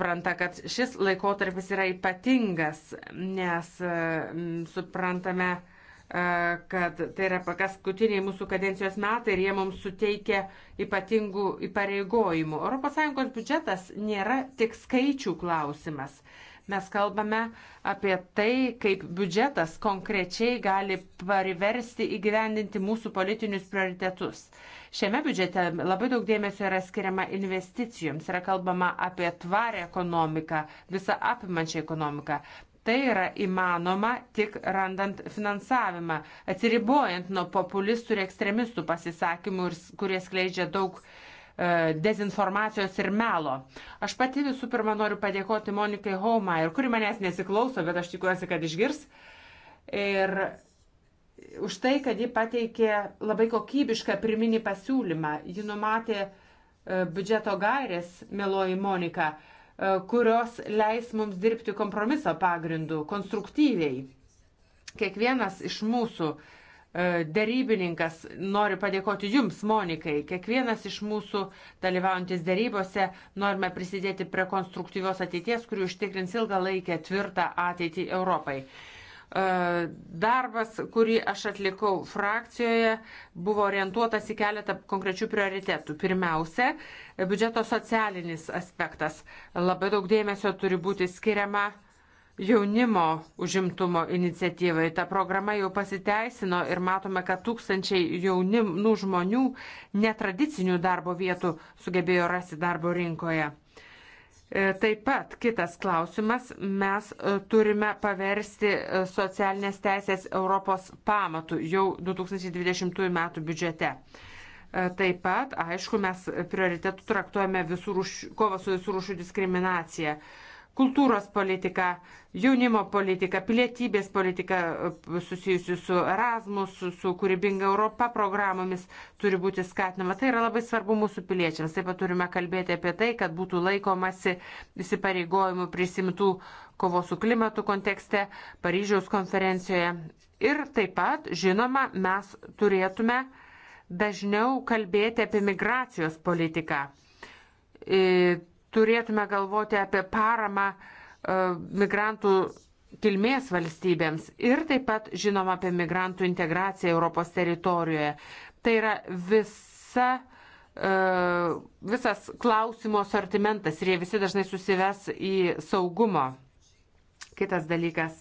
supranta, kad šis laikotarpis yra ypatingas, nes e, suprantame, e, kad tai yra paskutiniai mūsų kadencijos metai ir jie mums suteikia ypatingų įpareigojimų. ES biudžetas nėra tik skaičių klausimas. Mes kalbame apie tai, kaip biudžetas konkrečiai gali parversti įgyvendinti mūsų politinius prioritetus. Šiame biudžete labai daug dėmesio yra skiriama investicijoms, yra kalbama apie tvarę ekonomiką, visą apimančią ekonomiką. Tai yra įmanoma tik randant finansavimą, atsiribojant nuo populistų ir ekstremistų pasisakymų, kurie skleidžia daug E, dezinformacijos ir melo. Aš pati visų pirma noriu padėkoti Monikai Homair, kuri manęs nesiklauso, bet aš tikiuosi, kad išgirs. Ir už tai, kad ji pateikė labai kokybišką pirminį pasiūlymą. Ji numatė e, biudžeto gairės, meloji Monika, e, kurios leis mums dirbti kompromiso pagrindu, konstruktyviai. Kiekvienas iš mūsų uh, E, Darybininkas, noriu padėkoti Jums, Monikai. Kiekvienas iš mūsų dalyvaujantis darybose norime prisidėti prie konstruktyvios ateities, kuri užtikrins ilgą laikę tvirtą ateitį Europai. E, darbas, kurį aš atlikau frakcijoje, buvo orientuotas į keletą konkrečių prioritetų. Pirmiausia, biudžeto socialinis aspektas. Labai daug dėmesio turi būti skiriama uh, jaunimo užimtumo iniciatyvai. Ta programa jau pasiteisino ir matome, kad tūkstančiai jaunimų žmonių netradicinių darbo vietų sugebėjo rasti darbo rinkoje. E, taip pat kitas klausimas, mes e, turime paversti e, socialinės teisės Europos pamatų jau 2020 m. biudžete. Taip pat, aišku, mes prioritetų traktuojame visų rūšių, kovą su visų rūšių diskriminacija. Uh, kultūros politika, jaunimo politika, pilietybės politika e, susijusi su Erasmus, su, su kūrybinga Europa programomis turi būti skatinama. Tai yra labai svarbu mūsų piliečiams. Taip pat turime kalbėti apie tai, kad būtų laikomasi įsipareigojimų prisimtų kovos su klimatu kontekste Paryžiaus konferencijoje. Ir taip pat, žinoma, mes turėtume dažniau kalbėti apie migracijos politiką e, turėtume galvoti apie paramą e, migrantų kilmės valstybėms ir taip pat žinoma apie migrantų integraciją Europos teritorijoje. Tai yra visa, e, visas klausimo sortimentas ir jie visi dažnai susives į saugumo. Kitas dalykas.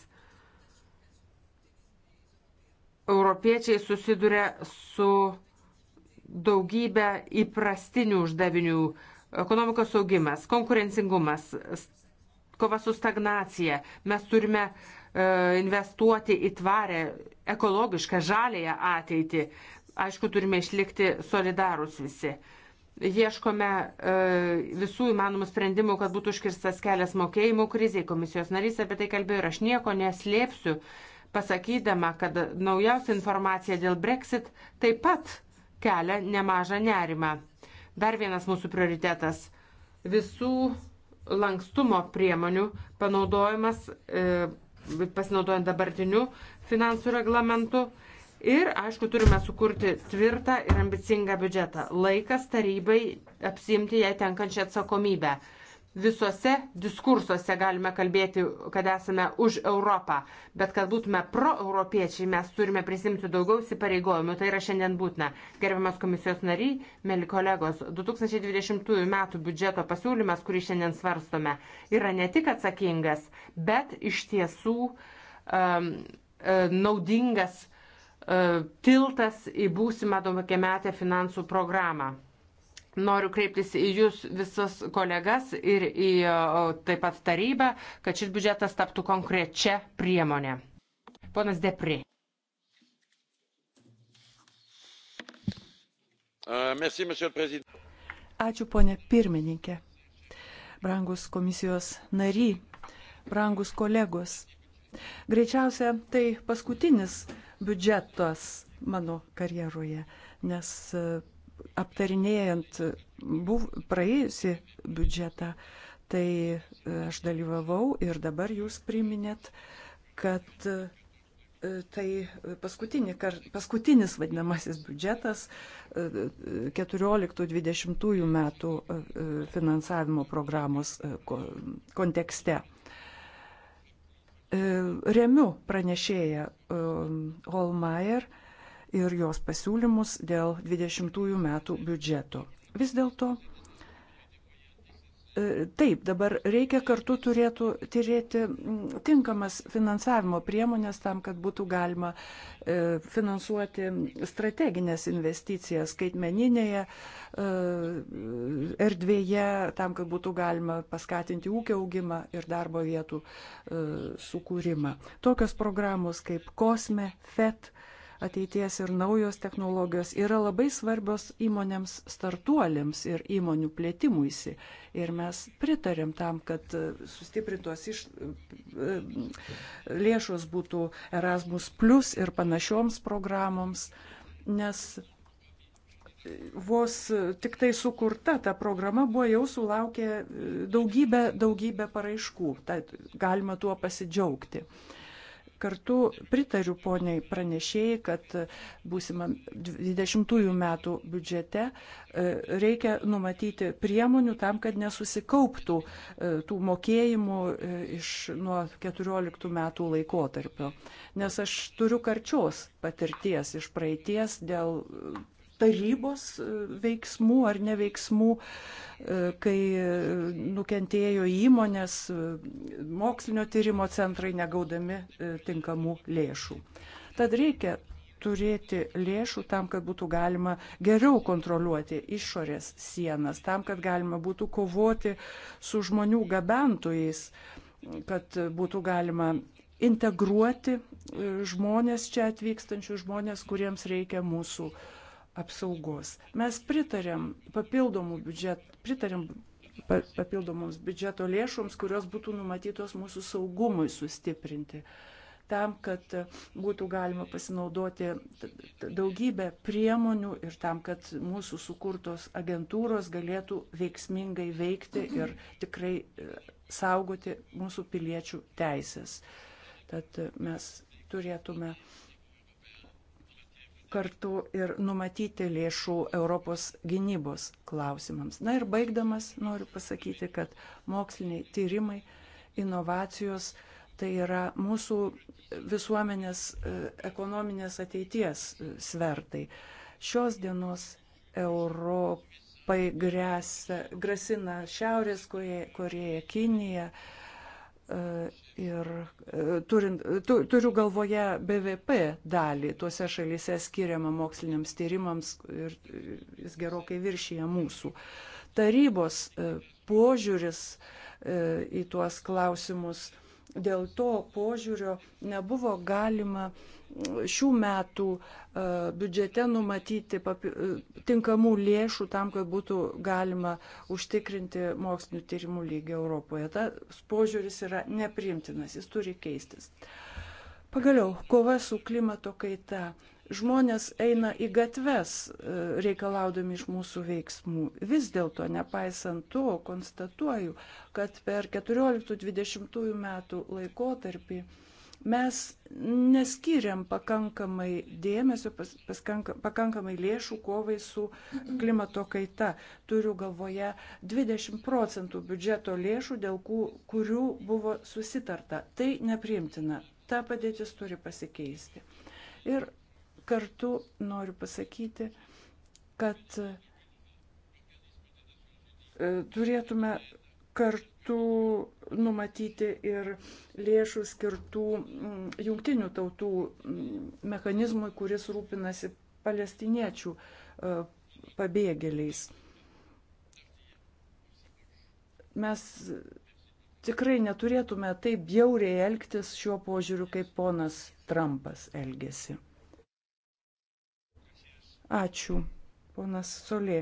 Europiečiai susiduria su daugybė įprastinių uždavinių, uh, Ekonomikos augimas, konkurencingumas, kova su stagnacija. Mes turime e, investuoti į tvarę, ekologišką, žalėją ateitį. Aišku, turime išlikti solidarus visi. Ieškome e, visų įmanomų sprendimų, kad būtų užkirstas kelias mokėjimų kriziai. Komisijos narys apie tai kalbėjo ir aš nieko neslėpsiu, pasakydama, kad naujausia informacija dėl Brexit taip pat kelia nemažą nerimą. Dar vienas mūsų prioritetas - visų lankstumo priemonių panaudojimas, e, pasinaudojant dabartiniu finansų reglamentu. Ir, aišku, turime sukurti tvirtą ir ambicingą biudžetą. Laikas tarybai apsimti jai tenkančią atsakomybę visose diskursuose galime kalbėti, kad esame už Europą, bet kad būtume proeuropiečiai, mes turime prisimti daugiau įsipareigojimų, tai yra šiandien būtina. Gerbiamas komisijos nariai, mėly kolegos, 2020 m. biudžeto pasiūlymas, kurį šiandien svarstome, yra ne tik atsakingas, bet iš tiesų um, e, naudingas uh, tiltas į būsimą daugiametę finansų programą. Noriu kreiptis į jūs visus kolegas ir į taip pat tarybą, kad šis biudžetas taptų konkrečia priemonė. Ponas Depri. Uh, Ačiū, ponė pirmininkė. Brangus komisijos nary, brangus kolegos. Greičiausia, tai paskutinis biudžetas mano karjeroje, nes aptarinėjant buv, praėjusi biudžetą, tai e, aš dalyvavau ir dabar jūs priminėt, kad e, tai paskutinį, paskutinis vadinamasis biudžetas 14-20 e, metų finansavimo programos kontekste. Remiu pranešėją Holmeier. Um, ir jos pasiūlymus dėl 20 metų biudžeto. Vis dėlto e, Taip, dabar reikia kartu turėtų turėti mm, tinkamas finansavimo priemonės tam, kad būtų galima e, finansuoti strateginės investicijas skaitmeninėje e, erdvėje, tam, kad būtų galima paskatinti ūkio augimą ir darbo vietų sukūrimą. Tokios programos kaip COSME, FET ateities ir naujos technologijos yra labai svarbios įmonėms startuoliams ir įmonių plėtimuisi. Ir mes pritarėm tam, kad e, sustiprintos iš, e, e, lėšos būtų Erasmus Plus ir panašioms programoms, nes vos tik tai sukurta ta programa buvo jau sulaukė daugybę, daugybę paraiškų. Tai galima tuo pasidžiaugti. Uh, Kartu pritariu poniai pranešėjai, kad būsimam 20 metų biudžete e, reikia numatyti priemonių tam, kad nesusikauptų e, tų mokėjimų e, iš nuo 14 metų laikotarpio. Nes aš turiu karčios patirties iš praeities dėl tarybos e, veiksmų ar neveiksmų, e, kai nukentėjo įmonės, e, mokslinio tyrimo centrai negaudami tinkamų lėšų. Tad reikia turėti lėšų tam, kad būtų galima geriau kontroliuoti išorės sienas, tam, kad galima būtų kovoti su žmonių gabentojais, kad būtų galima integruoti žmonės čia atvykstančius žmonės, kuriems reikia mūsų uh, apsaugos. Mes pritarėm papildomų biudžet, pritarėm papildomoms biudžeto lėšoms, kurios būtų numatytos mūsų saugumui sustiprinti, tam, kad būtų galima pasinaudoti daugybę priemonių ir tam, kad mūsų sukurtos agentūros galėtų veiksmingai veikti ir tikrai e, saugoti mūsų piliečių teisės. Tad mes turėtume uh, kartu ir numatyti lėšų Europos gynybos klausimams. Na ir baigdamas noriu pasakyti, kad moksliniai tyrimai, inovacijos tai yra mūsų visuomenės e, ekonominės ateities e, svertai. Šios dienos Europai grėsia, grasina Šiaurės Koreja, Kinija. Korėja E, ir e, turint, tu, turiu galvoje BVP dalį tuose šalyse skiriamą moksliniams tyrimams ir jis gerokai viršyje mūsų. Tarybos e, požiūris į tuos klausimus Dėl to požiūrio nebuvo galima šių metų e, biudžete numatyti e, tinkamų lėšų tam, kad būtų galima užtikrinti mokslinių tyrimų lygį Europoje. Tas požiūris yra neprimtinas, jis turi keistis. Pagaliau, kova su klimato kaita žmonės eina į gatves e, reikalaudami iš mūsų veiksmų. Vis dėlto, nepaisant to, konstatuoju, kad per 14-20 metų laikotarpį mes neskiriam pakankamai dėmesio, pas, paskanka, pakankamai lėšų kovai su klimato kaita. Turiu galvoje 20 procentų biudžeto lėšų, dėl kų, kurių buvo susitarta. Tai nepriimtina. Ta padėtis turi pasikeisti. Ir Kartu noriu pasakyti, kad e, turėtume kartu numatyti ir lėšų skirtų jungtinių tautų mechanizmui, kuris rūpinasi palestiniečių e, pabėgėliais. Mes tikrai neturėtume taip bjauriai elgtis šiuo požiūriu, kaip ponas Trumpas elgesi. Ačiū, ponas Solė.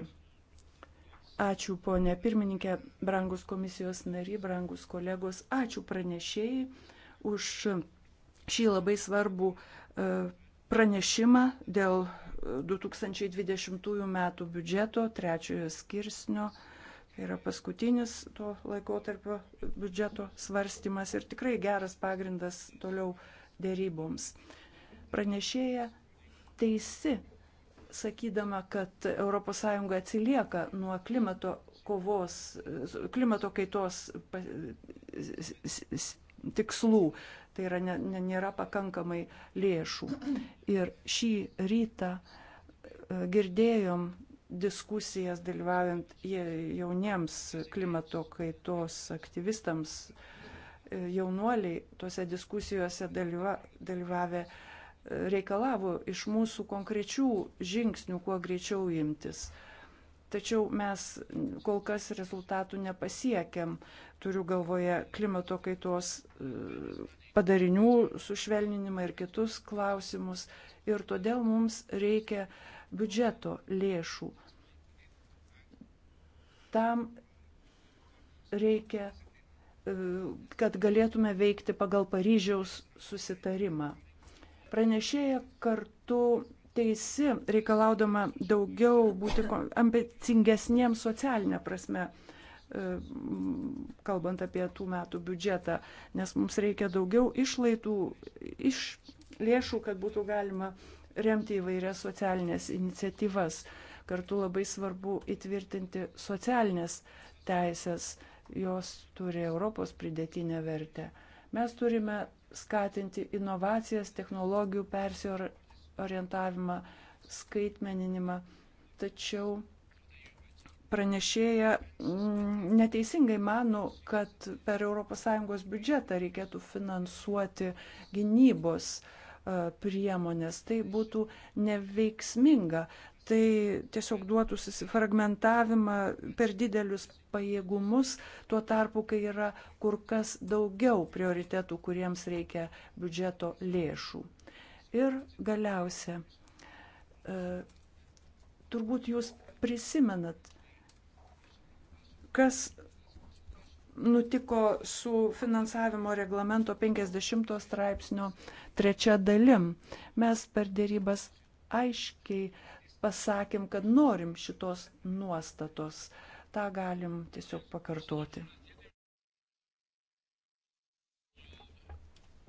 Ačiū, ponė pirmininkė, brangus komisijos nariai, brangus kolegos. Ačiū pranešėjai už šį labai svarbų e, pranešimą dėl 2020 e, metų biudžeto trečiojo skirsnio. Tai yra paskutinis to laikotarpio biudžeto svarstymas ir tikrai geras pagrindas toliau dėryboms. Pranešėja teisi, sakydama, kad ES atsilieka nuo klimato kovos, klimato kaitos tikslų, tai yra ne, ne, nėra pakankamai lėšų. Ir šį rytą e, girdėjom diskusijas dalyvaujant jauniems klimato kaitos aktyvistams, e, jaunuoliai tuose diskusijose dalyva, dalyvavę reikalavo iš mūsų konkrečių žingsnių kuo greičiau imtis. Tačiau mes kol kas rezultatų nepasiekėm, turiu galvoje klimato kaitos e, padarinių sušvelninimą ir kitus klausimus. Ir todėl mums reikia biudžeto lėšų. Tam reikia, e, kad galėtume veikti pagal Paryžiaus susitarimą. Pranešėja kartu teisi, reikalaudama daugiau būti ambicingesniems socialinė prasme, e, kalbant apie tų metų biudžetą, nes mums reikia daugiau išlaidų, iš lėšų, kad būtų galima remti įvairias socialinės iniciatyvas. Kartu labai svarbu įtvirtinti socialinės teisės, jos turi Europos pridėtinę vertę. Mes turime skatinti inovacijas, technologijų persiorientavimą, skaitmeninimą. Tačiau pranešėja mm, neteisingai mano, kad per ES biudžetą reikėtų finansuoti gynybos e, priemonės. Tai būtų neveiksminga tai tiesiog duotų susifragmentavimą per didelius pajėgumus, tuo tarpu, kai yra kur kas daugiau prioritetų, kuriems reikia biudžeto lėšų. Ir galiausia, e, turbūt jūs prisimenat, kas nutiko su finansavimo reglamento 50 straipsnio trečia dalim. Mes per dėrybas aiškiai pasakėm, kad norim šitos nuostatos. Ta galim tiesiog pakartoti.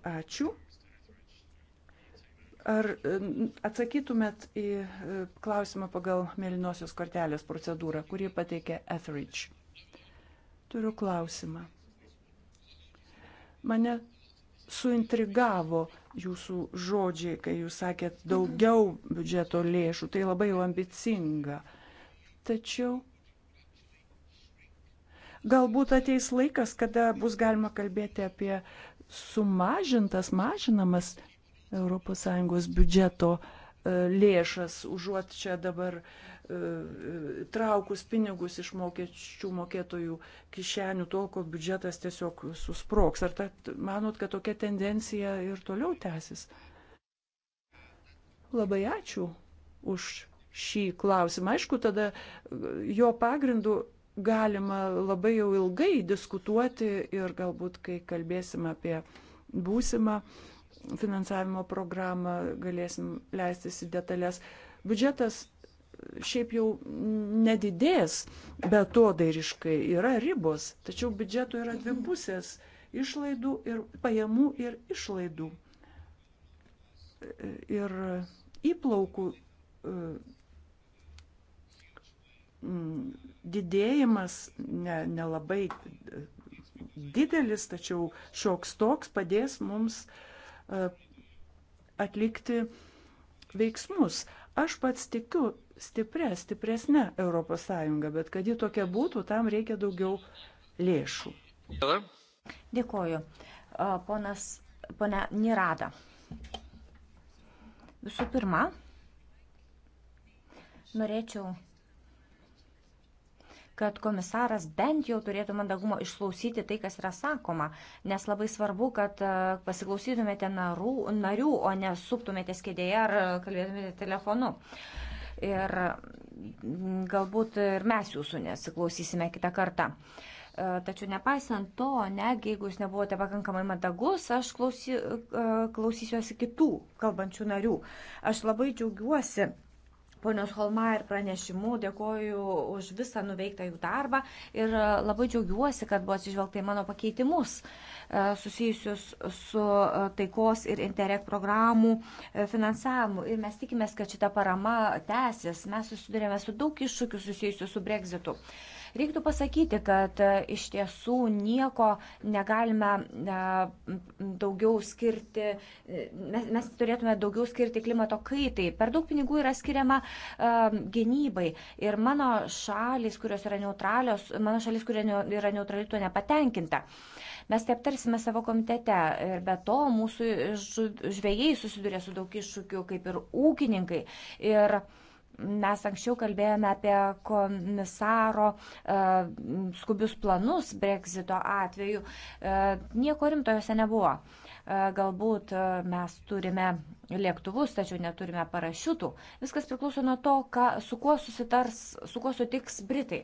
Ačiū. Ar e, atsakytumėt į e, klausimą pagal mėlynosios kortelės procedūrą, kurį pateikė Etheridge? Turiu klausimą. Mane suintrigavo jūsų žodžiai, kai jūs sakėt daugiau biudžeto lėšų, tai labai jau ambicinga. Tačiau galbūt ateis laikas, kada bus galima kalbėti apie sumažintas, mažinamas ES biudžeto e, lėšas, užuot čia dabar uh, traukus pinigus iš mokesčių mokėtojų kišenių, tol kol biudžetas tiesiog susproks. Ar ta, manot, kad tokia tendencija ir toliau tęsis? Labai ačiū už šį klausimą. Aišku, tada jo pagrindu galima labai jau ilgai diskutuoti ir galbūt, kai kalbėsim apie būsimą finansavimo programą, galėsim leistis į detalės. Biudžetas šiaip jau nedidės betodairiškai, yra ribos, tačiau biudžeto yra dvi mhm. pusės - išlaidų ir pajamų ir išlaidų. Ir įplaukų e, didėjimas nelabai ne, ne didelis, tačiau šioks toks padės mums e, atlikti veiksmus. Aš pats tikiu stiprią, stipresnę Europos Sąjungą, bet kad ji tokia būtų, tam reikia daugiau lėšų. Dėkoju. Ponas, ponia Nirada. Visų pirma, norėčiau, kad komisaras bent jau turėtų mandagumo išklausyti tai, kas yra sakoma, nes labai svarbu, kad pasiklausytumėte narų, narių, o ne suptumėte skėdėje ar kalbėtumėte telefonu. Uh, ir galbūt ir mes jūsų nesiklausysime kitą kartą. E, tačiau nepaisant to, netgi jeigu jūs nebuvote pakankamai mandagus, aš klausy, e, klausysiuosi kitų kalbančių narių. Aš labai džiaugiuosi ponios Holmaier pranešimu, dėkoju už visą nuveiktą jų darbą ir e, labai džiaugiuosi, kad buvo atsižvelgta į mano pakeitimus e, susijusius su e, taikos ir interreg programų finansavimu. Ir mes tikimės, kad šita parama tęsis. Mes susidurėme su daug iššūkių susijusių su Brexitu. Reiktų pasakyti, kad e, iš tiesų nieko negalime e, daugiau skirti, e, mes, mes turėtume daugiau skirti klimato kaitai. Per daug pinigų yra skiriama gynybai. Ir mano šalis, kurios yra neutralios, mano šalis, kurie yra neutrali, tuo nepatenkinta. Mes tai aptarsime savo komitete. Ir be to mūsų žvėjai susiduria su daug iššūkių, kaip ir ūkininkai. Ir uh, Mes anksčiau kalbėjome apie komisaro e, skubius planus Brexito atveju. E, nieko rimto juose nebuvo. E, galbūt mes turime lėktuvus, tačiau neturime parašiutų. Viskas priklauso nuo to, ką, su kuo susitars, su kuo sutiks Britai.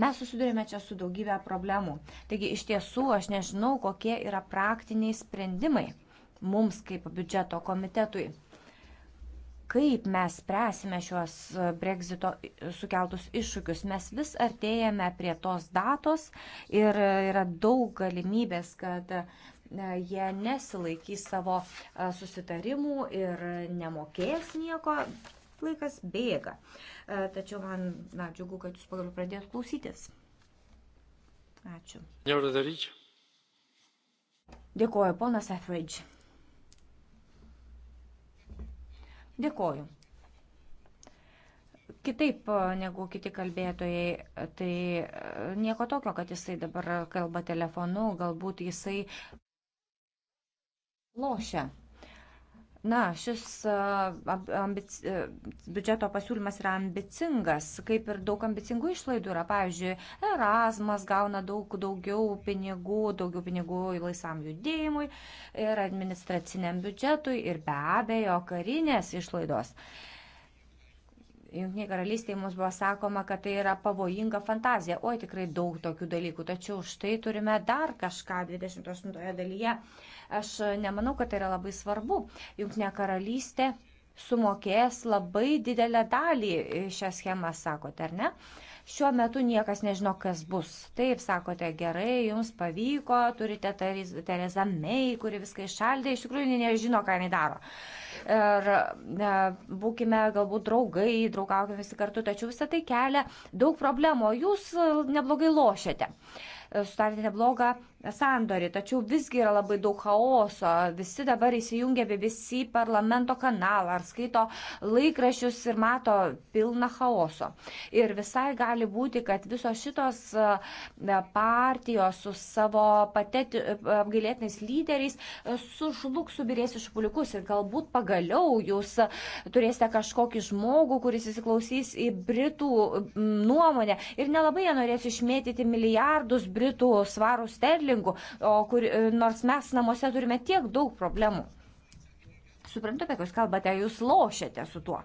Mes susidurime čia su daugybė problemų. Taigi iš tiesų aš nežinau, kokie yra praktiniai sprendimai mums kaip biudžeto komitetui kaip mes spręsime šiuos e, Brexito sukeltus iššūkius. Mes vis artėjame prie tos datos ir e, yra daug galimybės, kad e, jie nesilaikys savo susitarimų ir nemokės nieko. Laikas bėga. Tačiau man, na, džiugu, kad jūs pagaliau pradėjot klausytis. Ačiū. Dėkuoju, ponas Efridge. Dėkoju. Kitaip negu kiti kalbėtojai, tai nieko tokio, kad jisai dabar kalba telefonu, galbūt jisai lošia. Na, šis ambic... E, biudžeto pasiūlymas yra ambicingas, kaip ir daug ambicingų išlaidų yra. Pavyzdžiui, Erasmas gauna daug daugiau pinigų, daugiau pinigų laisvam judėjimui ir administraciniam biudžetui ir be abejo karinės išlaidos. Uh, Junkiniai karalystiai mums buvo sakoma, kad tai yra pavojinga fantazija. Oi, tikrai daug tokių dalykų, tačiau štai turime dar kažką 28 dalyje. Aš nemanau, kad tai yra labai svarbu. Junkinė karalystė sumokės labai didelę dalį šią schemą, sakote, ar ne? Uh, Šiuo metu niekas nežino, kas bus. Taip sakote, gerai, jums pavyko, turite Terezą Mei, kuri viską išaldė, iš tikrųjų nežino, ką jinai daro. Ir ne, būkime galbūt draugai, draugaukime visi kartu, tačiau visą tai kelia daug problemų, o jūs e, neblogai lošiate. E, Sutarėte neblogą sandorį, tačiau visgi yra labai daug chaoso. Visi dabar įsijungia BBC parlamento kanalą ar skaito laikrašius ir mato pilną chaoso. Ir visai gali būti, kad visos šitos e, partijos su savo pateti, e, apgailėtinais lyderiais e, sužlugs, subirės iš pulikus ir galbūt pagaliau jūs turėsite kažkokį žmogų, kuris įsiklausys į Britų nuomonę ir nelabai jie norės išmėtyti milijardus Britų svarų sterlių bulingų, kur, e, nors mes namuose turime tiek daug problemų. Suprantu, apie ką jūs kalbate, jūs lošiate su tuo.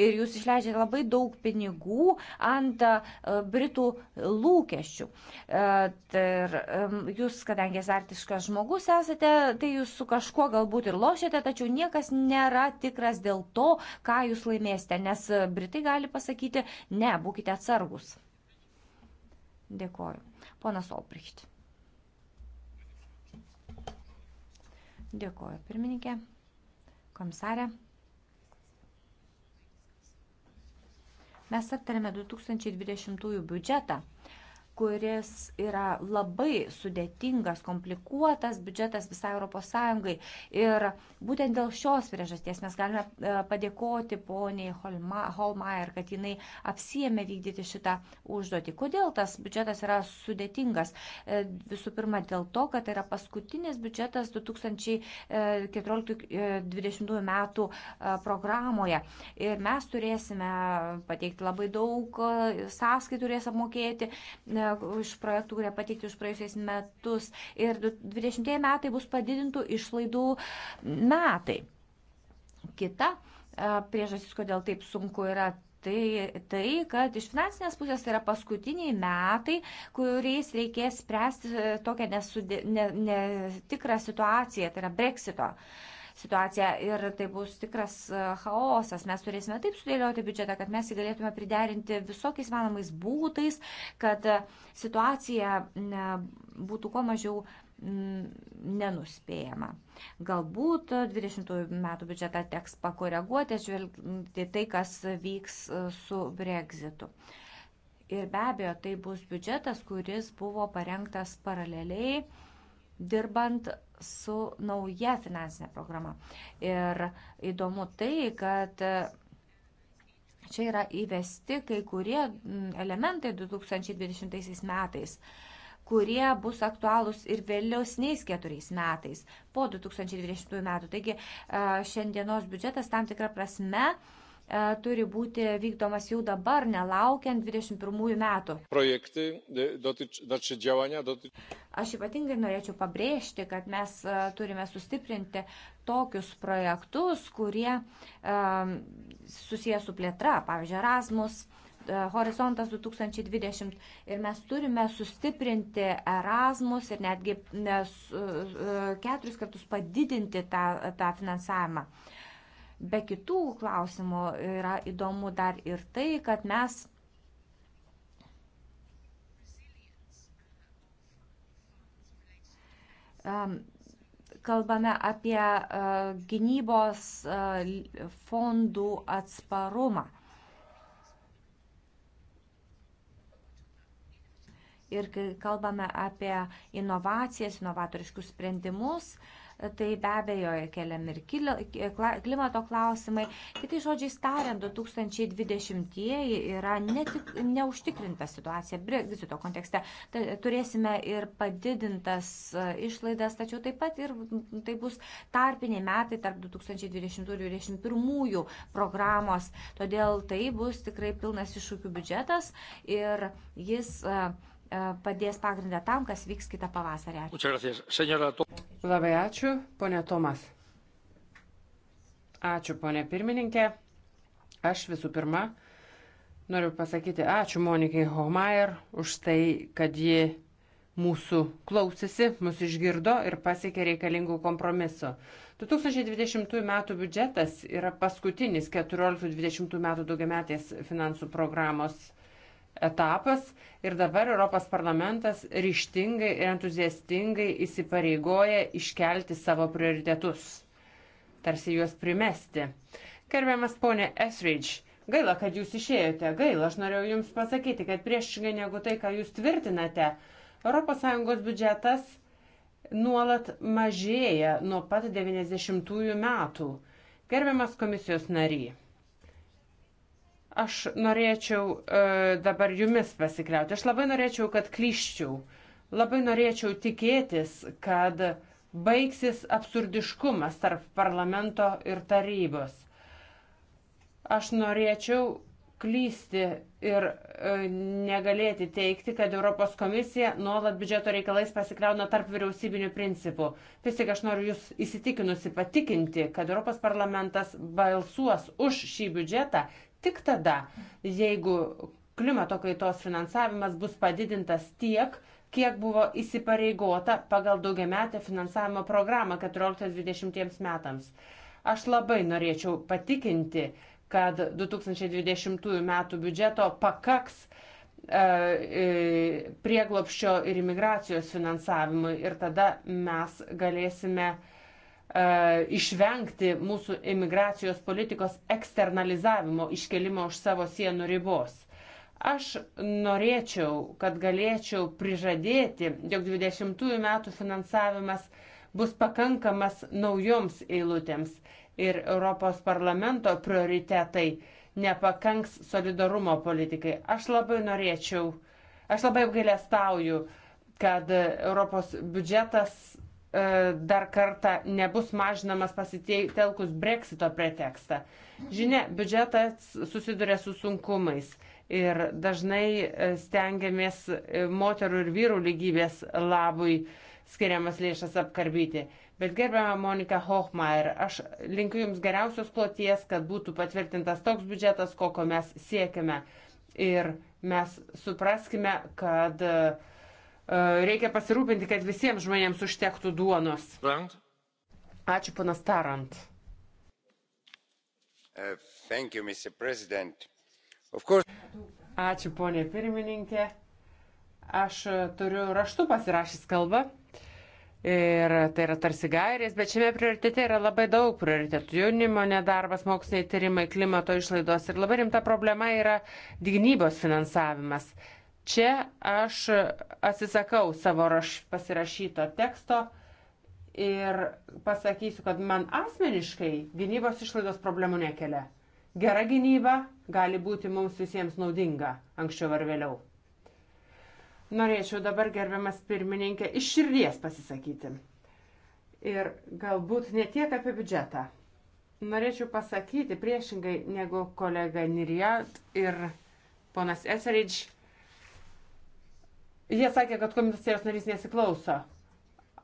Ir jūs išleidžiate labai daug pinigų ant e, Britų lūkesčių. E, tai ir jūs, kadangi azartiškas žmogus esate, tai jūs su kažkuo galbūt ir lošiate, tačiau niekas nėra tikras dėl to, ką jūs laimėsite, nes Britai gali pasakyti, ne, būkite atsargus. Dėkoju. Ponas Olpricht. Dėkuoju, pirmininkė, komisarė. Mes aptarėme 2020 biudžetą kuris yra labai sudėtingas, komplikuotas biudžetas visai ES. Ir būtent dėl šios priežasties mes galime e, padėkoti poniai Holmeier, kad jinai apsijėmė vykdyti šitą užduotį. Kodėl tas biudžetas yra sudėtingas? E, visų pirma, dėl to, kad tai yra paskutinis biudžetas 2014-2020 e, metų programoje. Ir mes turėsime pateikti labai daug sąskaitų, turės apmokėti už projektų, kurie pateikti už praėjusiais metus. Ir 20 metai bus padidintų išlaidų metai. Kita e, priežastis, kodėl taip sunku yra Tai, tai, kad iš finansinės pusės tai yra paskutiniai metai, kuriais reikės spręsti e, tokią nesudi, ne, netikrą situaciją, tai yra breksito. Uh, situaciją ir tai bus tikras e, chaosas. Mes turėsime taip sudėlioti biudžetą, kad mes jį galėtume priderinti visokiais manomais būtais, kad e, situacija būtų kuo mažiau nenuspėjama. Galbūt 20 metų biudžetą teks pakoreguoti, žvelgti tai, kas vyks e, su Brexitu. Ir be abejo, tai bus biudžetas, kuris buvo parengtas paraleliai dirbant su nauja finansinė programa. Ir įdomu tai, kad čia yra įvesti kai kurie elementai 2020 metais kurie bus aktualūs ir vėliausniais keturiais metais po 2020 metų. Taigi šiandienos biudžetas tam tikrą prasme uh, E, turi būti vykdomas jau dabar, nelaukiant 21 metų. Projektai, e, dači działania, dotyč... Aš ypatingai norėčiau pabrėžti, kad mes e, turime sustiprinti tokius projektus, kurie um, susijęs su plėtra, pavyzdžiui, Erasmus, Horizontas 2020 ir mes turime sustiprinti Erasmus ir netgi nes, keturis kartus padidinti tą, tą finansavimą. Uh, Be kitų klausimų yra įdomu dar ir tai, kad mes kalbame apie e, gynybos e, fondų atsparumą. Ir kai kalbame apie inovacijas, inovatoriškus sprendimus, uh, tai be abejo keliami ir klimato klausimai. Kitai žodžiai tariant, 2020-ieji yra netik, neužtikrinta situacija Brexito kontekste. Ta, turėsime ir padidintas e, išlaidas, tačiau taip pat ir tai bus tarpiniai metai tarp 2020-2021 programos. Todėl tai bus tikrai pilnas iššūkių biudžetas ir jis uh, E, padės pagrindą tam, kas vyks kitą pavasarį. Ačiū. Labai ačiū, ponė Tomas. Ačiū, ponė pirmininkė. Aš visų pirma noriu pasakyti ačiū Monikai Homayer už tai, kad ji mūsų klausėsi, mus išgirdo ir pasiekė reikalingų kompromisų. 2020 m. biudžetas yra paskutinis 14-20 m. daugiametės finansų programos etapas ir dabar Europos parlamentas ryštingai ir entuziastingai įsipareigoja iškelti savo prioritetus, tarsi juos primesti. Gerbiamas ponė Esridge, gaila, kad jūs išėjote, gaila, aš norėjau jums pasakyti, kad priešingai negu tai, ką jūs tvirtinate, ES biudžetas nuolat mažėja nuo pat 90-ųjų metų. Gerbiamas komisijos nary, Aš norėčiau uh, dabar jumis pasikliauti. Aš labai norėčiau, kad klyščiau. Labai norėčiau tikėtis, kad baigsis absurdiškumas tarp parlamento ir tarybos. Aš norėčiau klysti ir uh, negalėti teikti, kad Europos komisija nuolat biudžeto reikalais pasikliauna tarp vyriausybinių principų. Vis tik aš noriu jūs įsitikinusi patikinti, kad Europos parlamentas balsuos už šį biudžetą tik tada, jeigu klimato kaitos finansavimas bus padidintas tiek, kiek buvo įsipareigota pagal daugiametę finansavimo programą 14-20 metams. Aš labai norėčiau patikinti, kad 2020 m. biudžeto pakaks e, e, prieglopščio ir imigracijos finansavimui ir tada mes galėsime uh, E, išvengti mūsų imigracijos politikos eksternalizavimo, iškelimo už savo sienų ribos. Aš norėčiau, kad galėčiau prižadėti, jog 20 metų finansavimas bus pakankamas naujoms eilutėms ir Europos parlamento prioritetai nepakanks solidarumo politikai. Aš labai norėčiau, aš labai apgailestauju, kad Europos biudžetas E, dar kartą nebus mažinamas pasitelkus breksito pretekstą. Žinia, biudžetas susiduria su sunkumais ir dažnai e, stengiamės e, moterų ir vyrų lygybės labui skiriamas lėšas apkarbyti. Bet gerbiama Monika Hochmeier, aš linkiu Jums geriausios ploties, kad būtų patvirtintas toks biudžetas, kokio mes siekiame. Ir mes supraskime, kad uh, E, reikia pasirūpinti, kad visiems žmonėms užtektų duonos. Ačiū, panas Tarant. E, Ačiū, ponė pirmininkė. Aš e, turiu raštu pasirašęs kalbą. Ir tai yra tarsi gairės, bet šiame prioritete yra labai daug prioritetų. Jaunimo nedarbas, moksliniai tyrimai, klimato išlaidos ir labai rimta problema yra gynybos finansavimas. Čia aš atsisakau savo raš, pasirašyto teksto ir pasakysiu, kad man asmeniškai gynybos išlaidos problemų nekelia. Gera gynyba gali būti mums visiems naudinga anksčiau ar vėliau. Norėčiau dabar, gerbiamas pirmininkė, iš širdies pasisakyti. Ir galbūt ne tiek apie biudžetą. Norėčiau pasakyti priešingai negu kolega Nirjat ir ponas Eseridž Jie sakė, kad komisijos narys nesiklauso.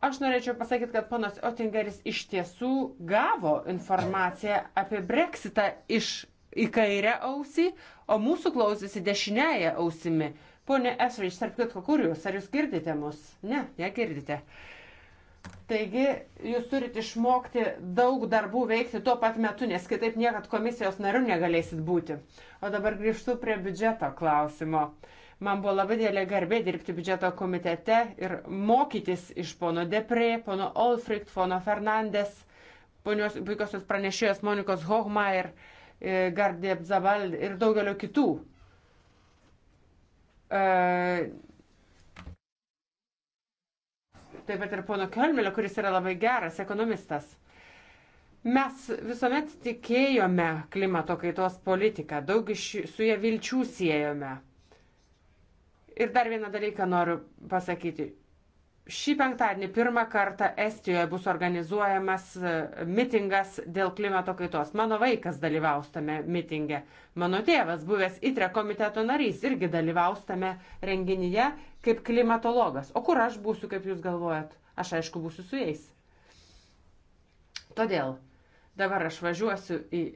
Aš norėčiau pasakyti, kad ponas Otingeris iš tiesų gavo informaciją apie breksitą iš į kairę ausį, o mūsų klausėsi dešinėje ausimi. Pone Esrič, tarp kitko, kur jūs? Ar jūs girdite mus? Ne, negirdite. Taigi, jūs turite išmokti daug darbų veikti tuo pat metu, nes kitaip niekad komisijos nariu negalėsit būti. O dabar grįžtu prie biudžeto klausimo. Uh, Man buvo labai dėlė garbė dirbti biudžeto komitete ir mokytis iš pono Depre, pono Olfrikt, pono Fernandes, ponios puikiosios pranešėjos Monikos Hochmeier, e, Gardė Zabal ir daugelio kitų. E, taip pat ir pono Kelmelio, kuris yra labai geras ekonomistas. Mes visuomet tikėjome klimato kaitos politiką, daug iš, su ją vilčių siejome Ir dar vieną dalyką noriu pasakyti. Šį penktadienį pirmą kartą Estijoje bus organizuojamas e, mitingas dėl klimato kaitos. Mano vaikas dalyvaus tame mitinge. Mano tėvas, buvęs ITRE komiteto narys, irgi dalyvaus tame renginyje kaip klimatologas. O kur aš būsiu, kaip jūs galvojat? Aš aišku būsiu su jais. Todėl dabar aš važiuosiu į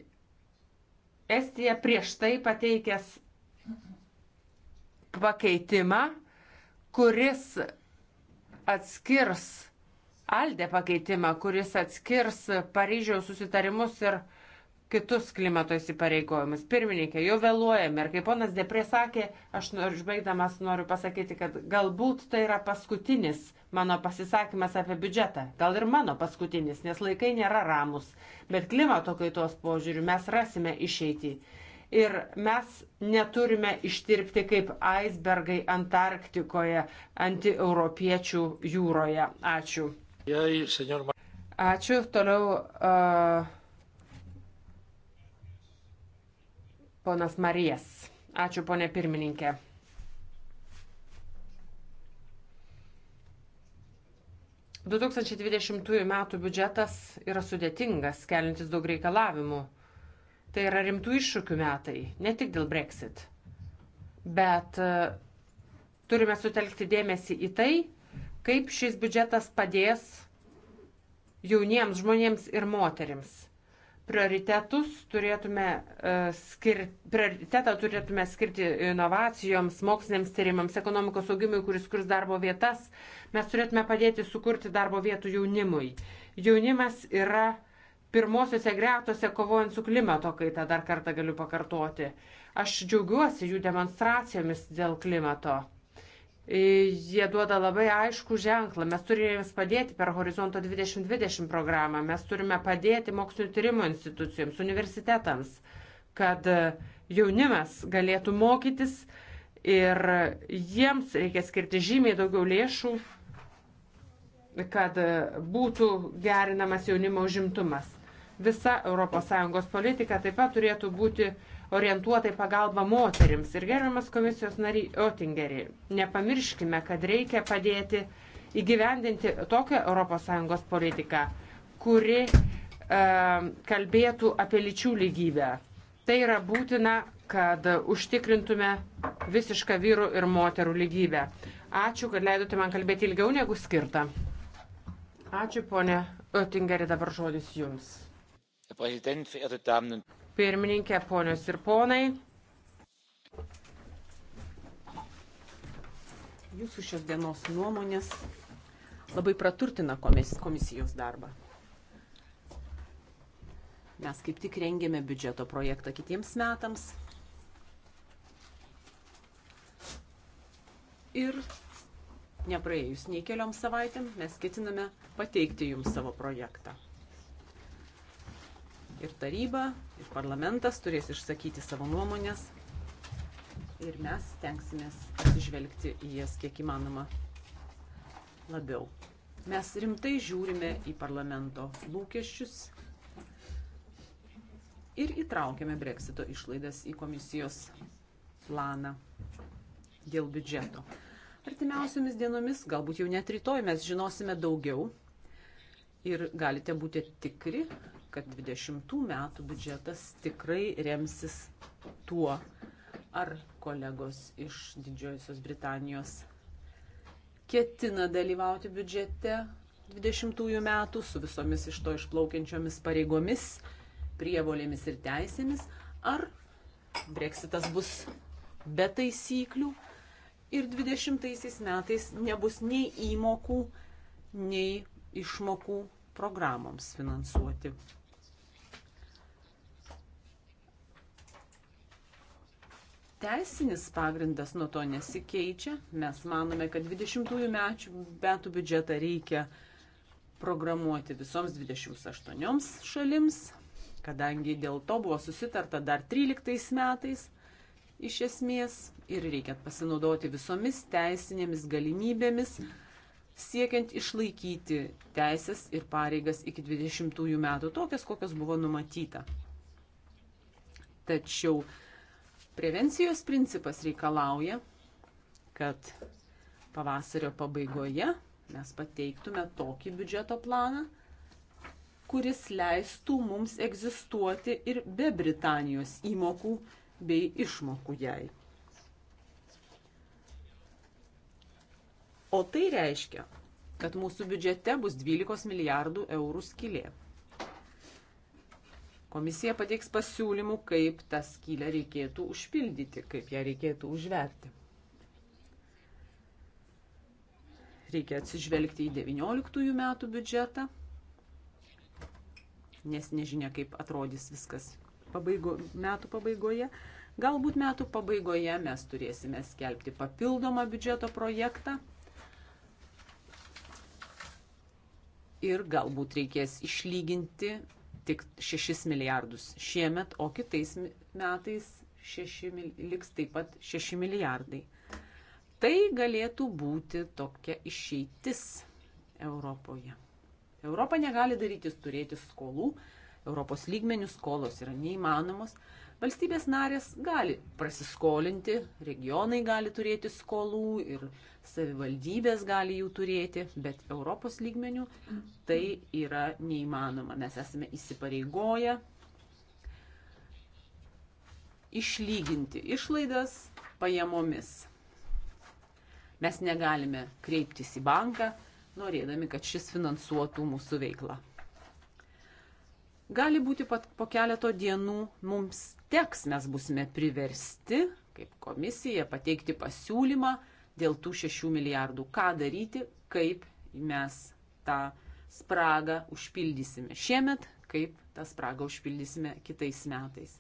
Estiją prieš tai pateikęs pakeitimą, kuris atskirs Aldė pakeitimą, kuris atskirs Paryžiaus susitarimus ir kitus klimato įsipareigojimus. Pirmininkė, jau vėluojame ir kaip ponas Deprė sakė, aš užbaigdamas noriu pasakyti, kad galbūt tai yra paskutinis mano pasisakymas apie biudžetą. Gal ir mano paskutinis, nes laikai nėra ramus. Bet klimato kaitos požiūriu mes rasime išeitį ir mes neturime ištirpti kaip aisbergai Antarktikoje, antieuropiečių jūroje. Ačiū. Ačiū. Toliau. Uh, Ponas Marijas. Ačiū, ponė pirmininkė. Du tūkstančiai dvidešimtųjų metų biudžetas yra sudėtingas, kelintis daug reikalavimų. Tai yra rimtų iššūkių metai, ne tik dėl Brexit. Bet e, turime sutelkti dėmesį į tai, kaip šis biudžetas padės jauniems žmonėms ir moterims. Prioritetus turėtume, e, skir... prioritetą turėtume skirti inovacijoms, moksliniams tyrimams, ekonomikos augimui, kuris kurs darbo vietas. Mes turėtume padėti sukurti darbo vietų jaunimui. Jaunimas yra uh, pirmosiose gretose kovojant su klimato kaita, dar kartą galiu pakartoti. Aš džiaugiuosi jų demonstracijomis dėl klimato. E, jie duoda labai aišku ženklą. Mes turime jiems padėti per Horizonto 2020 programą, mes turime padėti mokslinio tyrimo institucijoms, universitetams, kad e, jaunimas galėtų mokytis ir jiems reikia skirti žymiai daugiau lėšų kad e, būtų gerinamas jaunimo užimtumas. Visa ES politika taip pat turėtų būti orientuota į pagalbą moterims. Ir gerbiamas komisijos nariai Otingeriai, nepamirškime, kad reikia padėti įgyvendinti tokią ES politiką, kuri e, kalbėtų apie lyčių lygybę. Tai yra būtina, kad užtikrintume visišką vyrų ir moterų lygybę. Ačiū, kad leidote man kalbėti ilgiau negu skirta. Ačiū, ponė Otingeri, dabar žodis jums. Pirmininkė, ponios ir ponai. Jūsų šios dienos nuomonės labai praturtina komisijos darbą. Mes kaip tik rengėme biudžeto projektą kitiems metams. Ir nepraėjus nei kelioms savaitėm mes ketiname pateikti jums savo projektą ir taryba, ir parlamentas turės išsakyti savo nuomonės ir mes tenksimės atsižvelgti į jas kiek įmanoma labiau. Mes rimtai žiūrime į parlamento lūkesčius ir įtraukiame breksito išlaidas į komisijos planą dėl biudžeto. Artimiausiomis dienomis, galbūt jau net rytoj, mes žinosime daugiau ir galite būti tikri, kad 20 metų biudžetas tikrai remsis tuo, ar kolegos iš Didžiosios Britanijos ketina dalyvauti biudžete 20 metų su visomis iš to išplaukiančiomis pareigomis, prievolėmis ir teisėmis, ar breksitas bus be taisyklių ir 20 metais nebus nei įmokų, nei išmokų programoms finansuoti. teisinis pagrindas nuo to nesikeičia. Mes manome, kad 20-ųjų metų biudžetą reikia programuoti visoms 28 šalims, kadangi dėl to buvo susitarta dar 13 metais iš esmės ir reikia pasinaudoti visomis teisinėmis galimybėmis, siekiant išlaikyti teisės ir pareigas iki 20 metų tokias, kokias buvo numatyta. Tačiau Prevencijos principas reikalauja, kad pavasario pabaigoje mes pateiktume tokį biudžeto planą, kuris leistų mums egzistuoti ir be Britanijos įmokų bei išmokų jai. O tai reiškia, kad mūsų biudžete bus 12 milijardų eurų skilė. Komisija pateiks pasiūlymų, kaip tą skylę reikėtų užpildyti, kaip ją reikėtų užverti. Reikia atsižvelgti į 19 metų biudžetą, nes nežinia, kaip atrodys viskas pabaigo, metų pabaigoje. Galbūt metų pabaigoje mes turėsime skelbti papildomą biudžeto projektą ir galbūt reikės išlyginti tik 6 milijardus šiemet, o kitais metais 6, liks taip pat 6 milijardai. Tai galėtų būti tokia išeitis Europoje. Europa negali darytis turėti skolų, Europos lygmenių skolos yra neįmanomos, Valstybės narės gali prasiskolinti, regionai gali turėti skolų ir savivaldybės gali jų turėti, bet Europos lygmenių tai yra neįmanoma. Mes esame įsipareigoję išlyginti išlaidas pajamomis. Mes negalime kreiptis į banką, norėdami, kad šis finansuotų mūsų veiklą gali būti pat po keleto dienų mums teks, mes busime priversti, kaip komisija, pateikti pasiūlymą dėl tų 6 milijardų. Ką daryti, kaip mes tą spragą užpildysime šiemet, kaip tą spragą užpildysime kitais metais.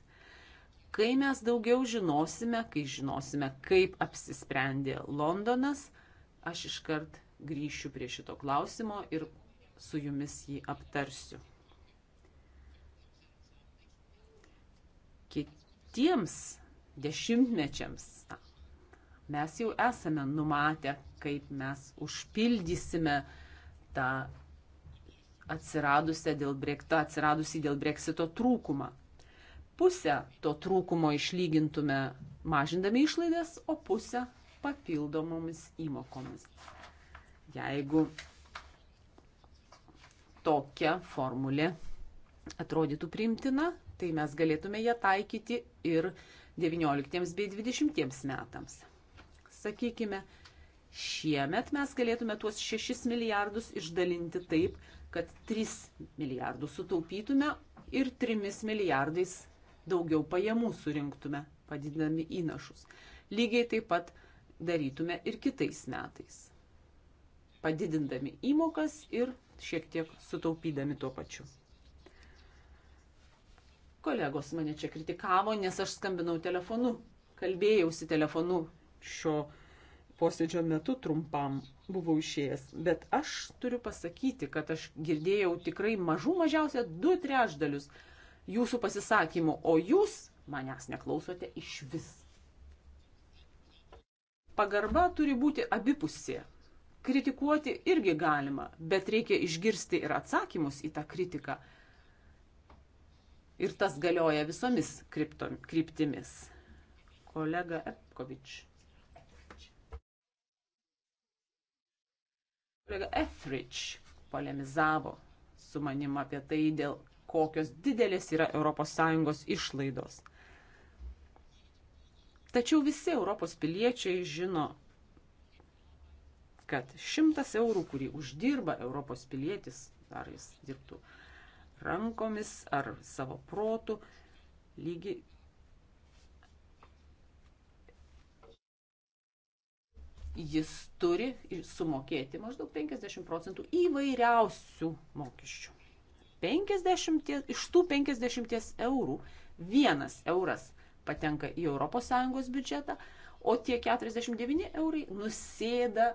Kai mes daugiau žinosime, kai žinosime, kaip apsisprendė Londonas, aš iškart grįšiu prie šito klausimo ir su jumis jį aptarsiu. kitiems dešimtmečiams mes jau esame numatę, kaip mes užpildysime tą atsiradusią dėl, brekta, atsiradusį dėl breksito trūkumą. Pusę to trūkumo išlygintume mažindami išlaidas, o pusę papildomomis įmokomis. Jeigu tokia formulė atrodytų priimtina, tai mes galėtume ją taikyti ir 19 bei 20 metams. Sakykime, šiemet mes galėtume tuos 6 milijardus išdalinti taip, kad 3 milijardus sutaupytume ir 3 milijardais daugiau pajamų surinktume, padidinami įnašus. Lygiai taip pat darytume ir kitais metais, padidindami įmokas ir šiek tiek sutaupydami tuo pačiu. Kolegos mane čia kritikavo, nes aš skambinau telefonu, kalbėjausi telefonu šio posėdžio metu trumpam buvau išėjęs. Bet aš turiu pasakyti, kad aš girdėjau tikrai mažų mažiausia du trešdalius jūsų pasisakymų, o jūs manęs neklausote iš vis. Pagarba turi būti abipusė. Kritikuoti irgi galima, bet reikia išgirsti ir atsakymus į tą kritiką. Ir tas galioja visomis kryptom, kryptimis. Kolega Epkovič. Kolega Etheridge polemizavo su manim apie tai, dėl kokios didelės yra ES išlaidos. Tačiau visi Europos piliečiai žino, kad šimtas eurų, kurį uždirba Europos pilietis, ar jis dirbtų rankomis ar savo protų, lygi. Jis turi sumokėti maždaug 50 procentų įvairiausių mokesčių. 50, iš tų 50 eurų vienas euras patenka į ES biudžetą, o tie 49 eurai nusėda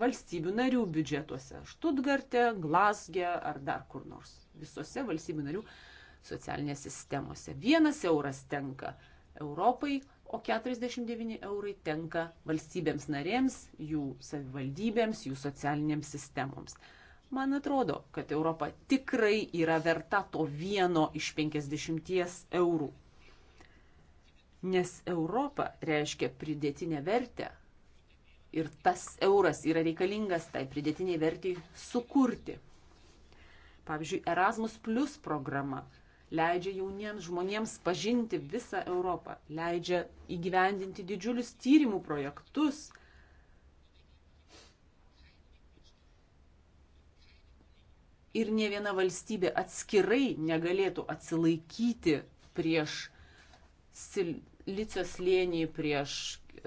valstybių narių biudžetuose - Štutgarte, Glasge ar dar kur nors. Visose valstybių narių socialinėse sistemose. Vienas euras tenka Europai, o 49 eurai tenka valstybėms narėms, jų savivaldybėms, jų socialinėms sistemoms. Man atrodo, kad Europa tikrai yra verta to vieno iš 50 eurų. Nes Europa reiškia pridėtinę vertę, ir tas euras yra reikalingas tai pridėtiniai vertijai sukurti. Pavyzdžiui, Erasmus Plus programa leidžia jauniems žmonėms pažinti visą Europą, leidžia įgyvendinti didžiulius tyrimų projektus. Ir ne viena valstybė atskirai negalėtų atsilaikyti prieš silicio slėnį, prieš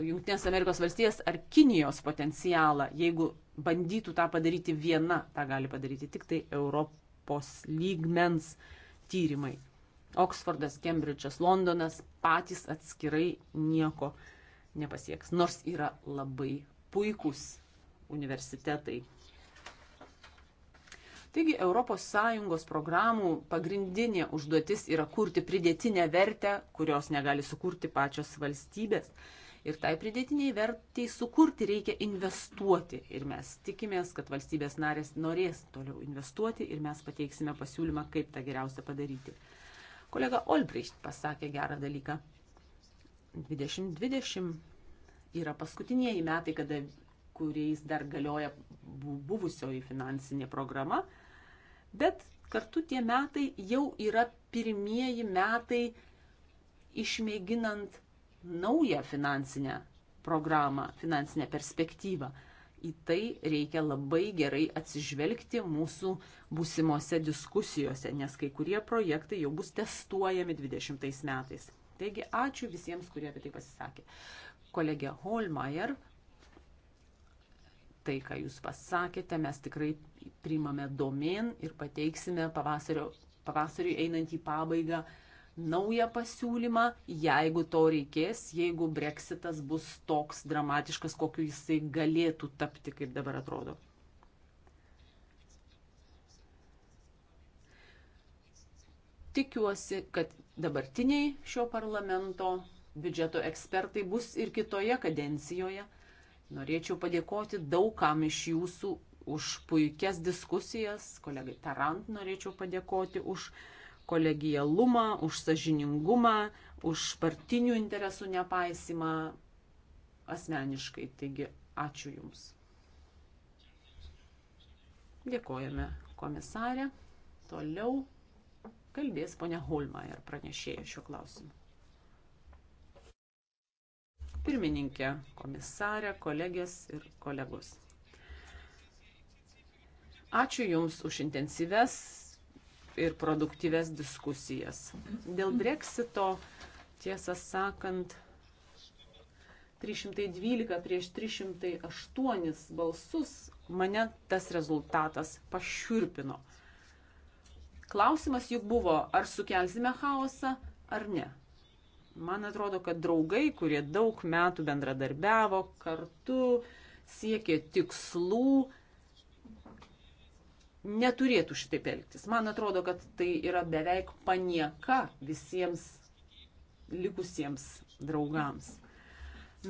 Junktinės Amerikos valstijas ar Kinijos potencialą, jeigu bandytų tą padaryti viena, tą gali padaryti tik tai Europos lygmens tyrimai. Oksfordas, Kembridžas, Londonas patys atskirai nieko nepasieks, nors yra labai puikūs universitetai. Taigi ES programų pagrindinė užduotis yra kurti pridėtinę vertę, kurios negali sukurti pačios valstybės. Ir tai pridėtiniai vertai sukurti reikia investuoti. Ir mes tikimės, kad valstybės narės norės toliau investuoti ir mes pateiksime pasiūlymą, kaip tą geriausia padaryti. Kolega Olbricht pasakė gerą dalyką. 2020 yra paskutinieji metai, kada kuriais dar galioja buvusioji finansinė programa, bet kartu tie metai jau yra pirmieji metai išmėginant naują finansinę programą, finansinę perspektyvą. Į tai reikia labai gerai atsižvelgti mūsų būsimose diskusijose, nes kai kurie projektai jau bus testuojami 20 metais. Taigi ačiū visiems, kurie apie tai pasisakė. Kolegė Holmeier, tai, ką jūs pasakėte, mes tikrai primame domen ir pateiksime pavasario, pavasariui einant į pabaigą uh, naują pasiūlymą, jeigu to reikės, jeigu breksitas bus toks dramatiškas, kokiu jisai galėtų tapti, kaip dabar atrodo. Tikiuosi, kad dabartiniai šio parlamento biudžeto ekspertai bus ir kitoje kadencijoje. Norėčiau padėkoti daugam iš jūsų už puikias diskusijas. Kolegai Tarant norėčiau padėkoti už diskusijas kolegialumą, už sažiningumą, už partinių interesų nepaisimą asmeniškai. Taigi, ačiū Jums. Dėkojame komisarė. Toliau kalbės ponia Holmaier pranešėjo šiuo klausimu. Pirmininkė, komisarė, kolegės ir kolegos. Ačiū Jums už intensyves ir produktyves diskusijas. Dėl breksito, tiesą sakant, 312 prieš 308 balsus mane tas rezultatas pašiurpino. Klausimas juk buvo, ar sukelsime chaosą ar ne. Man atrodo, kad draugai, kurie daug metų bendradarbiavo kartu, siekė tikslų, neturėtų šitaip elgtis. Man atrodo, kad tai yra beveik panieka visiems likusiems draugams.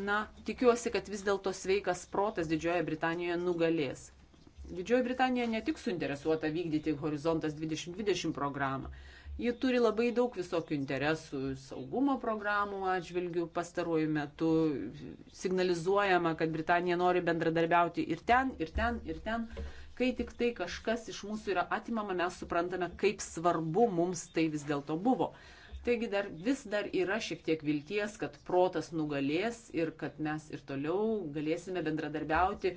Na, tikiuosi, kad vis dėlto sveikas protas Didžiojoje Britanijoje nugalės. Didžioji Britanija ne tik suinteresuota vykdyti Horizontas 2020 programą, ji turi labai daug visokių interesų saugumo programų atžvilgių. Pastaruoju metu signalizuojama, kad Britanija nori bendradarbiauti ir ten, ir ten, ir ten. Ir ten kai tik tai kažkas iš mūsų yra atimama, mes suprantame, kaip svarbu mums tai vis dėlto buvo. Taigi dar, vis dar yra šiek tiek vilties, kad protas nugalės ir kad mes ir toliau galėsime bendradarbiauti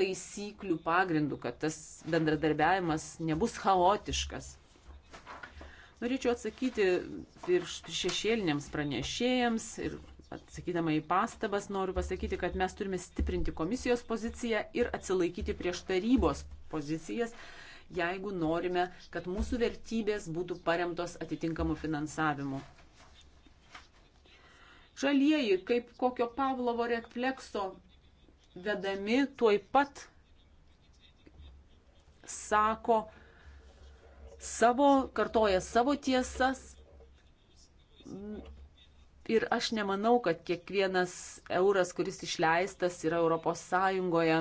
taisyklių pagrindų, kad tas bendradarbiavimas nebus chaotiškas. Norėčiau atsakyti ir šešėliniams pranešėjams, ir Atsakydama į pastabas noriu pasakyti, kad mes turime stiprinti komisijos poziciją ir atsilaikyti prieš tarybos pozicijas, jeigu norime, kad mūsų vertybės būtų paremtos atitinkamu finansavimu. Žalieji, kaip kokio Pavlovo reflekso vedami, tuoj pat sako savo, kartoja savo tiesas Ir aš nemanau, kad kiekvienas euras, kuris išleistas yra Europos Sąjungoje,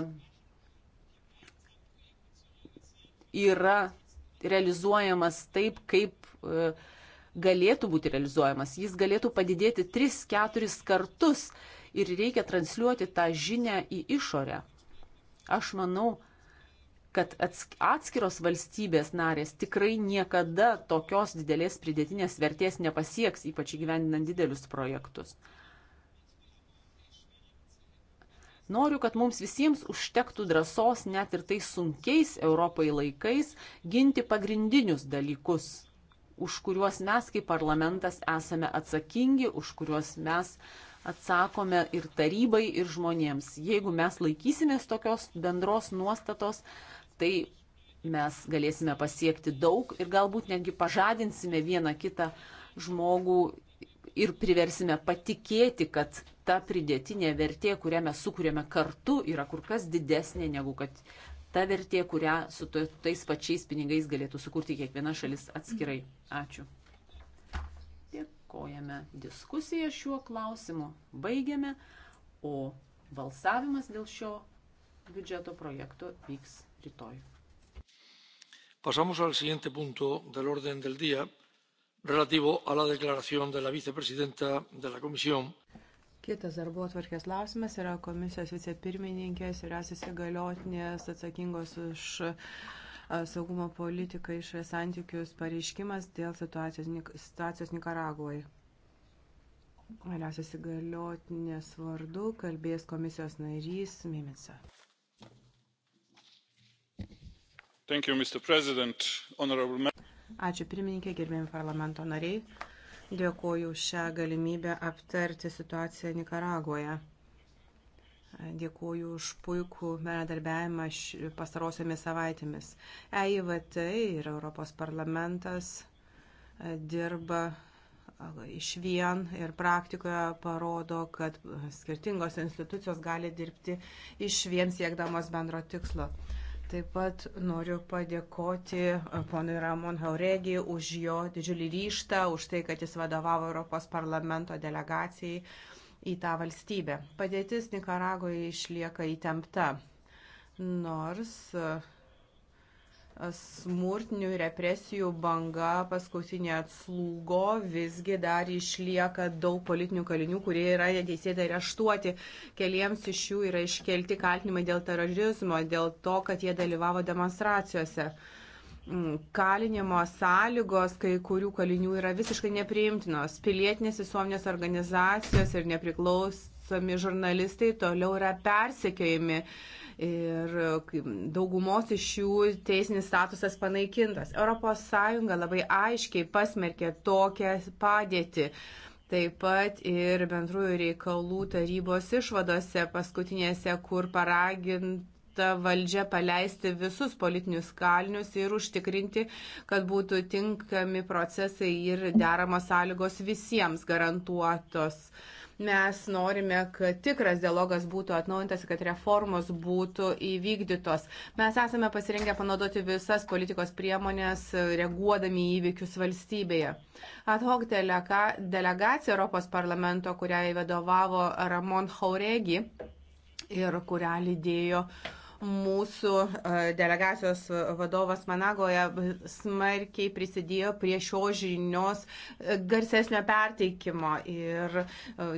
yra realizuojamas taip, kaip e, galėtų būti realizuojamas. Jis galėtų padidėti 3-4 kartus ir reikia transliuoti tą žinę į išorę. Aš manau, kad kad atskiros valstybės narės tikrai niekada tokios didelės pridėtinės vertės nepasieks, ypač įgyvendinant didelius projektus. Noriu, kad mums visiems užtektų drąsos net ir tais sunkiais Europai laikais ginti pagrindinius dalykus, už kuriuos mes kaip parlamentas esame atsakingi, už kuriuos mes atsakome ir tarybai, ir žmonėms. Jeigu mes laikysimės tokios bendros nuostatos, tai mes galėsime pasiekti daug ir galbūt netgi pažadinsime vieną kitą žmogų ir priversime patikėti, kad ta pridėtinė vertė, kurią mes sukūrėme kartu, yra kur kas didesnė negu kad ta vertė, kurią su tais pačiais pinigais galėtų sukurti kiekviena šalis atskirai. Ačiū. Dėkojame diskusiją šiuo klausimu. Baigiame. O balsavimas dėl šio biudžeto projekto vyks rytoj. Pasamos al siguiente punto del orden del día relativo a la declaración de la vicepresidenta de la Comisión. Kitas darbo atvarkės klausimas yra komisijos vicepirmininkės ir įsigaliotinės atsakingos už saugumo politiką išorės santykius pareiškimas dėl situacijos, situacijos Nikaragoje. Galiausiai įsigaliotinės vardu kalbės komisijos narys Mimica. You, Honorable... Ačiū pirmininkė, gerbėjim parlamento nariai. Dėkuoju šią galimybę aptarti situaciją Nikaragoje. Dėkuoju už puikų bendradarbiavimą pastarosiomis savaitėmis. EIVT ir Europos parlamentas e, dirba e, iš vien ir praktikoje parodo, kad e, skirtingos institucijos gali dirbti iš vien siekdamos bendro tikslo. Taip pat noriu padėkoti e, ponui Ramon Hauregi už jo didžiulį ryštą, už tai, kad jis vadovavo Europos parlamento delegacijai į tą valstybę. Padėtis Nikaragoje išlieka įtempta, nors e, smurtinių represijų banga paskutinė atslūgo, visgi dar išlieka daug politinių kalinių, kurie yra neteisėtai areštuoti. Keliems iš jų yra iškelti kaltinimai dėl terorizmo, dėl to, kad jie dalyvavo demonstracijose. Mm, kalinimo sąlygos kai kurių kalinių yra visiškai nepriimtinos. Pilietinės visuomenės organizacijos ir nepriklausomi žurnalistai toliau yra persekiojami. Uh, ir daugumos iš jų teisinis statusas panaikintas. ES labai aiškiai pasmerkė tokią padėtį. Taip pat ir bendrųjų reikalų tarybos išvadose paskutinėse, kur paraginta valdžia paleisti visus politinius kalinius ir užtikrinti, kad būtų tinkami procesai ir deramos sąlygos visiems garantuotos. Uh, Mes norime, kad tikras dialogas būtų atnaujintas, kad reformos būtų įvykdytos. Mes esame pasirengę panaudoti visas politikos priemonės, reaguodami į įvykius valstybėje. Ad hoc delega, delegacija Europos parlamento, kuriai vadovavo Ramon Hauregi ir kurią lydėjo uh, mūsų e, delegacijos vadovas Managoje smarkiai prisidėjo prie šio žinios e, garsesnio perteikimo. Ir e,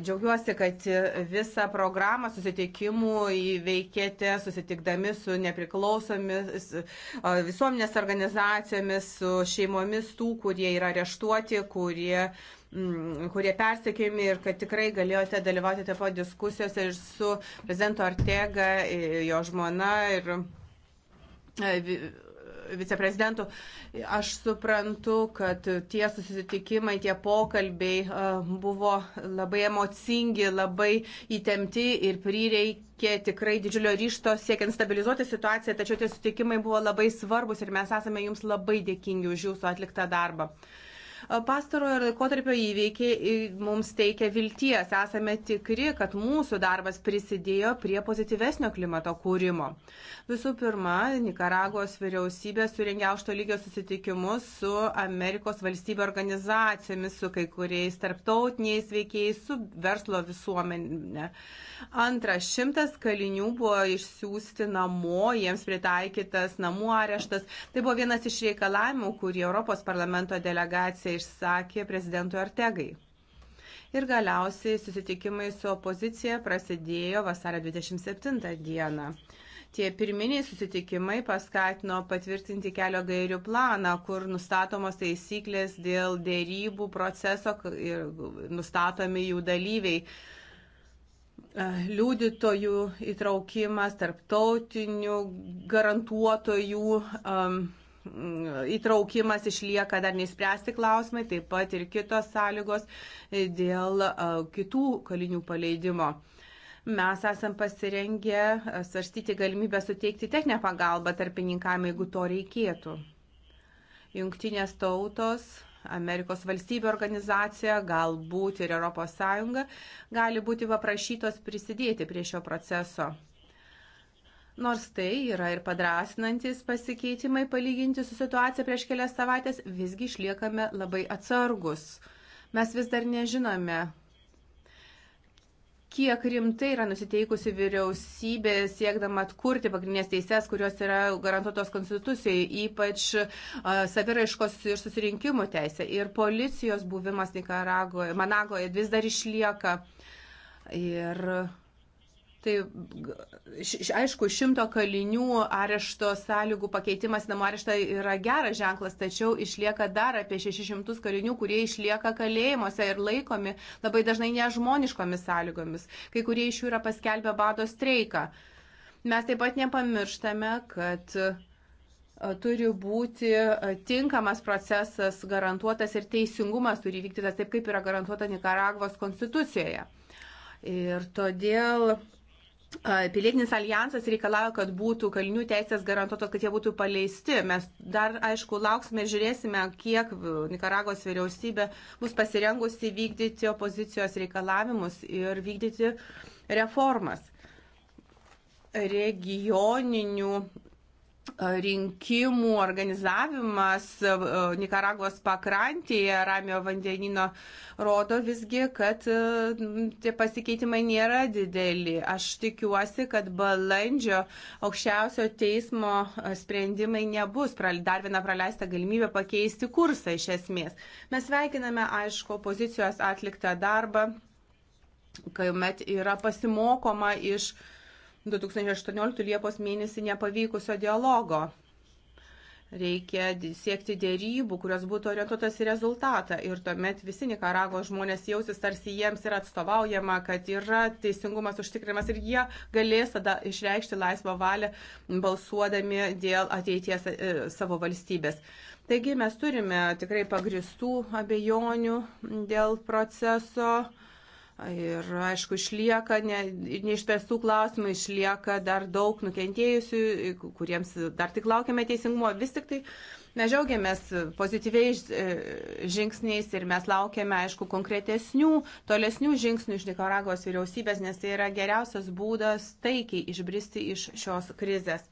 džiaugiuosi, kad visą programą susitikimų įveikėte susitikdami su nepriklausomis visuomenės organizacijomis, su šeimomis tų, kurie yra areštuoti, kurie Mm, kurie persekėjami ir kad tikrai galėjote dalyvauti taip pat diskusijose ir su prezidento Ortega, jo žmona ir e, viceprezidentų. Aš suprantu, kad tie susitikimai, tie pokalbiai e, buvo labai emocingi, labai įtemti ir prireikė tikrai didžiulio ryšto siekiant stabilizuoti situaciją, tačiau tie susitikimai buvo labai svarbus ir mes esame jums labai dėkingi už jūsų atliktą darbą. Pastarojo laikotarpio įveikiai mums teikia vilties. Esame tikri, kad mūsų darbas prisidėjo prie pozityvesnio klimato kūrimo. Visų pirma, Nikaragos vyriausybė suringė aukšto lygio susitikimus su Amerikos valstybių organizacijomis, su kai kuriais tarptautiniais veikėjais, su verslo visuomenė. Antra, šimtas kalinių buvo išsiųsti namo, jiems pritaikytas namų areštas. Tai buvo vienas iš reikalavimų, kurį Europos parlamento delegacija tai išsakė prezidentui Artegai. Ir galiausiai susitikimai su opozicija prasidėjo vasario 27 dieną. Tie pirminiai susitikimai paskatino patvirtinti kelio gairių planą, kur nustatomos taisyklės dėl dėrybų proceso ir nustatomi jų dalyviai. Liudytojų įtraukimas, tarptautinių garantuotojų um, įtraukimas išlieka dar neįspręsti klausimai, taip pat ir kitos sąlygos dėl e, kitų kalinių paleidimo. Mes esam pasirengę svarstyti galimybę suteikti techninę pagalbą tarpininkam, jeigu to reikėtų. Jungtinės tautos Amerikos valstybių organizacija, galbūt ir ES gali būti paprašytos prisidėti prie šio proceso. Nors tai yra ir padrasinantis pasikeitimai palyginti su situacija prieš kelias savaitės, visgi išliekame labai atsargus. Mes vis dar nežinome, kiek rimtai yra nusiteikusi vyriausybė siekdama atkurti pagrindinės teises, kurios yra garantuotos konstitucijai, ypač uh, saviraiškos ir susirinkimų teisė. Ir policijos buvimas Nikaragoje, Managoje vis dar išlieka. Ir uh, Tai aišku, šimto kalinių arešto sąlygų pakeitimas namų areštą yra geras ženklas, tačiau išlieka dar apie 600 kalinių, kurie išlieka kalėjimuose ir laikomi labai dažnai nežmoniškomis sąlygomis. Kai kurie iš jų yra paskelbę bado streiką. Mes taip pat nepamirštame, kad e, turi būti e, tinkamas procesas garantuotas ir teisingumas turi vykti tas taip, kaip yra garantuota Nikaragvos konstitucijoje. Ir todėl Pilietinis alijansas reikalauja, kad būtų kalinių teisės garantuotos, kad jie būtų paleisti. Mes dar, aišku, lauksime ir žiūrėsime, kiek Nikaragos vyriausybė bus pasirengusi vykdyti opozicijos reikalavimus ir vykdyti reformas. Regioninių rinkimų organizavimas Nikaragos pakrantėje Ramio vandenino rodo visgi, kad tie pasikeitimai nėra dideli. Aš tikiuosi, kad balandžio aukščiausio teismo sprendimai nebus dar viena praleista galimybė pakeisti kursą iš esmės. Mes veikiname, aišku, pozicijos atliktą darbą, kai met yra pasimokoma iš uh, 2018 Liepos mėnesį nepavykusio dialogo. Reikia siekti dėrybų, kurios būtų orientuotas į rezultatą. Ir tuomet visi Nikaragos žmonės jausis, tarsi jiems yra atstovaujama, kad yra teisingumas užtikrimas ir jie galės tada išreikšti laisvą valią balsuodami dėl ateities e, savo valstybės. Taigi mes turime tikrai pagristų abejonių dėl proceso Ir aišku, išlieka ne, neišspręstų klausimų, išlieka dar daug nukentėjusių, kuriems dar tik laukiame teisingumo. Vis tik tai mes džiaugiamės pozityviais e, žingsniais ir mes laukiame, aišku, konkretesnių, tolesnių žingsnių iš Nikaragos vyriausybės, nes tai yra geriausias būdas taikiai išbristi iš šios krizės.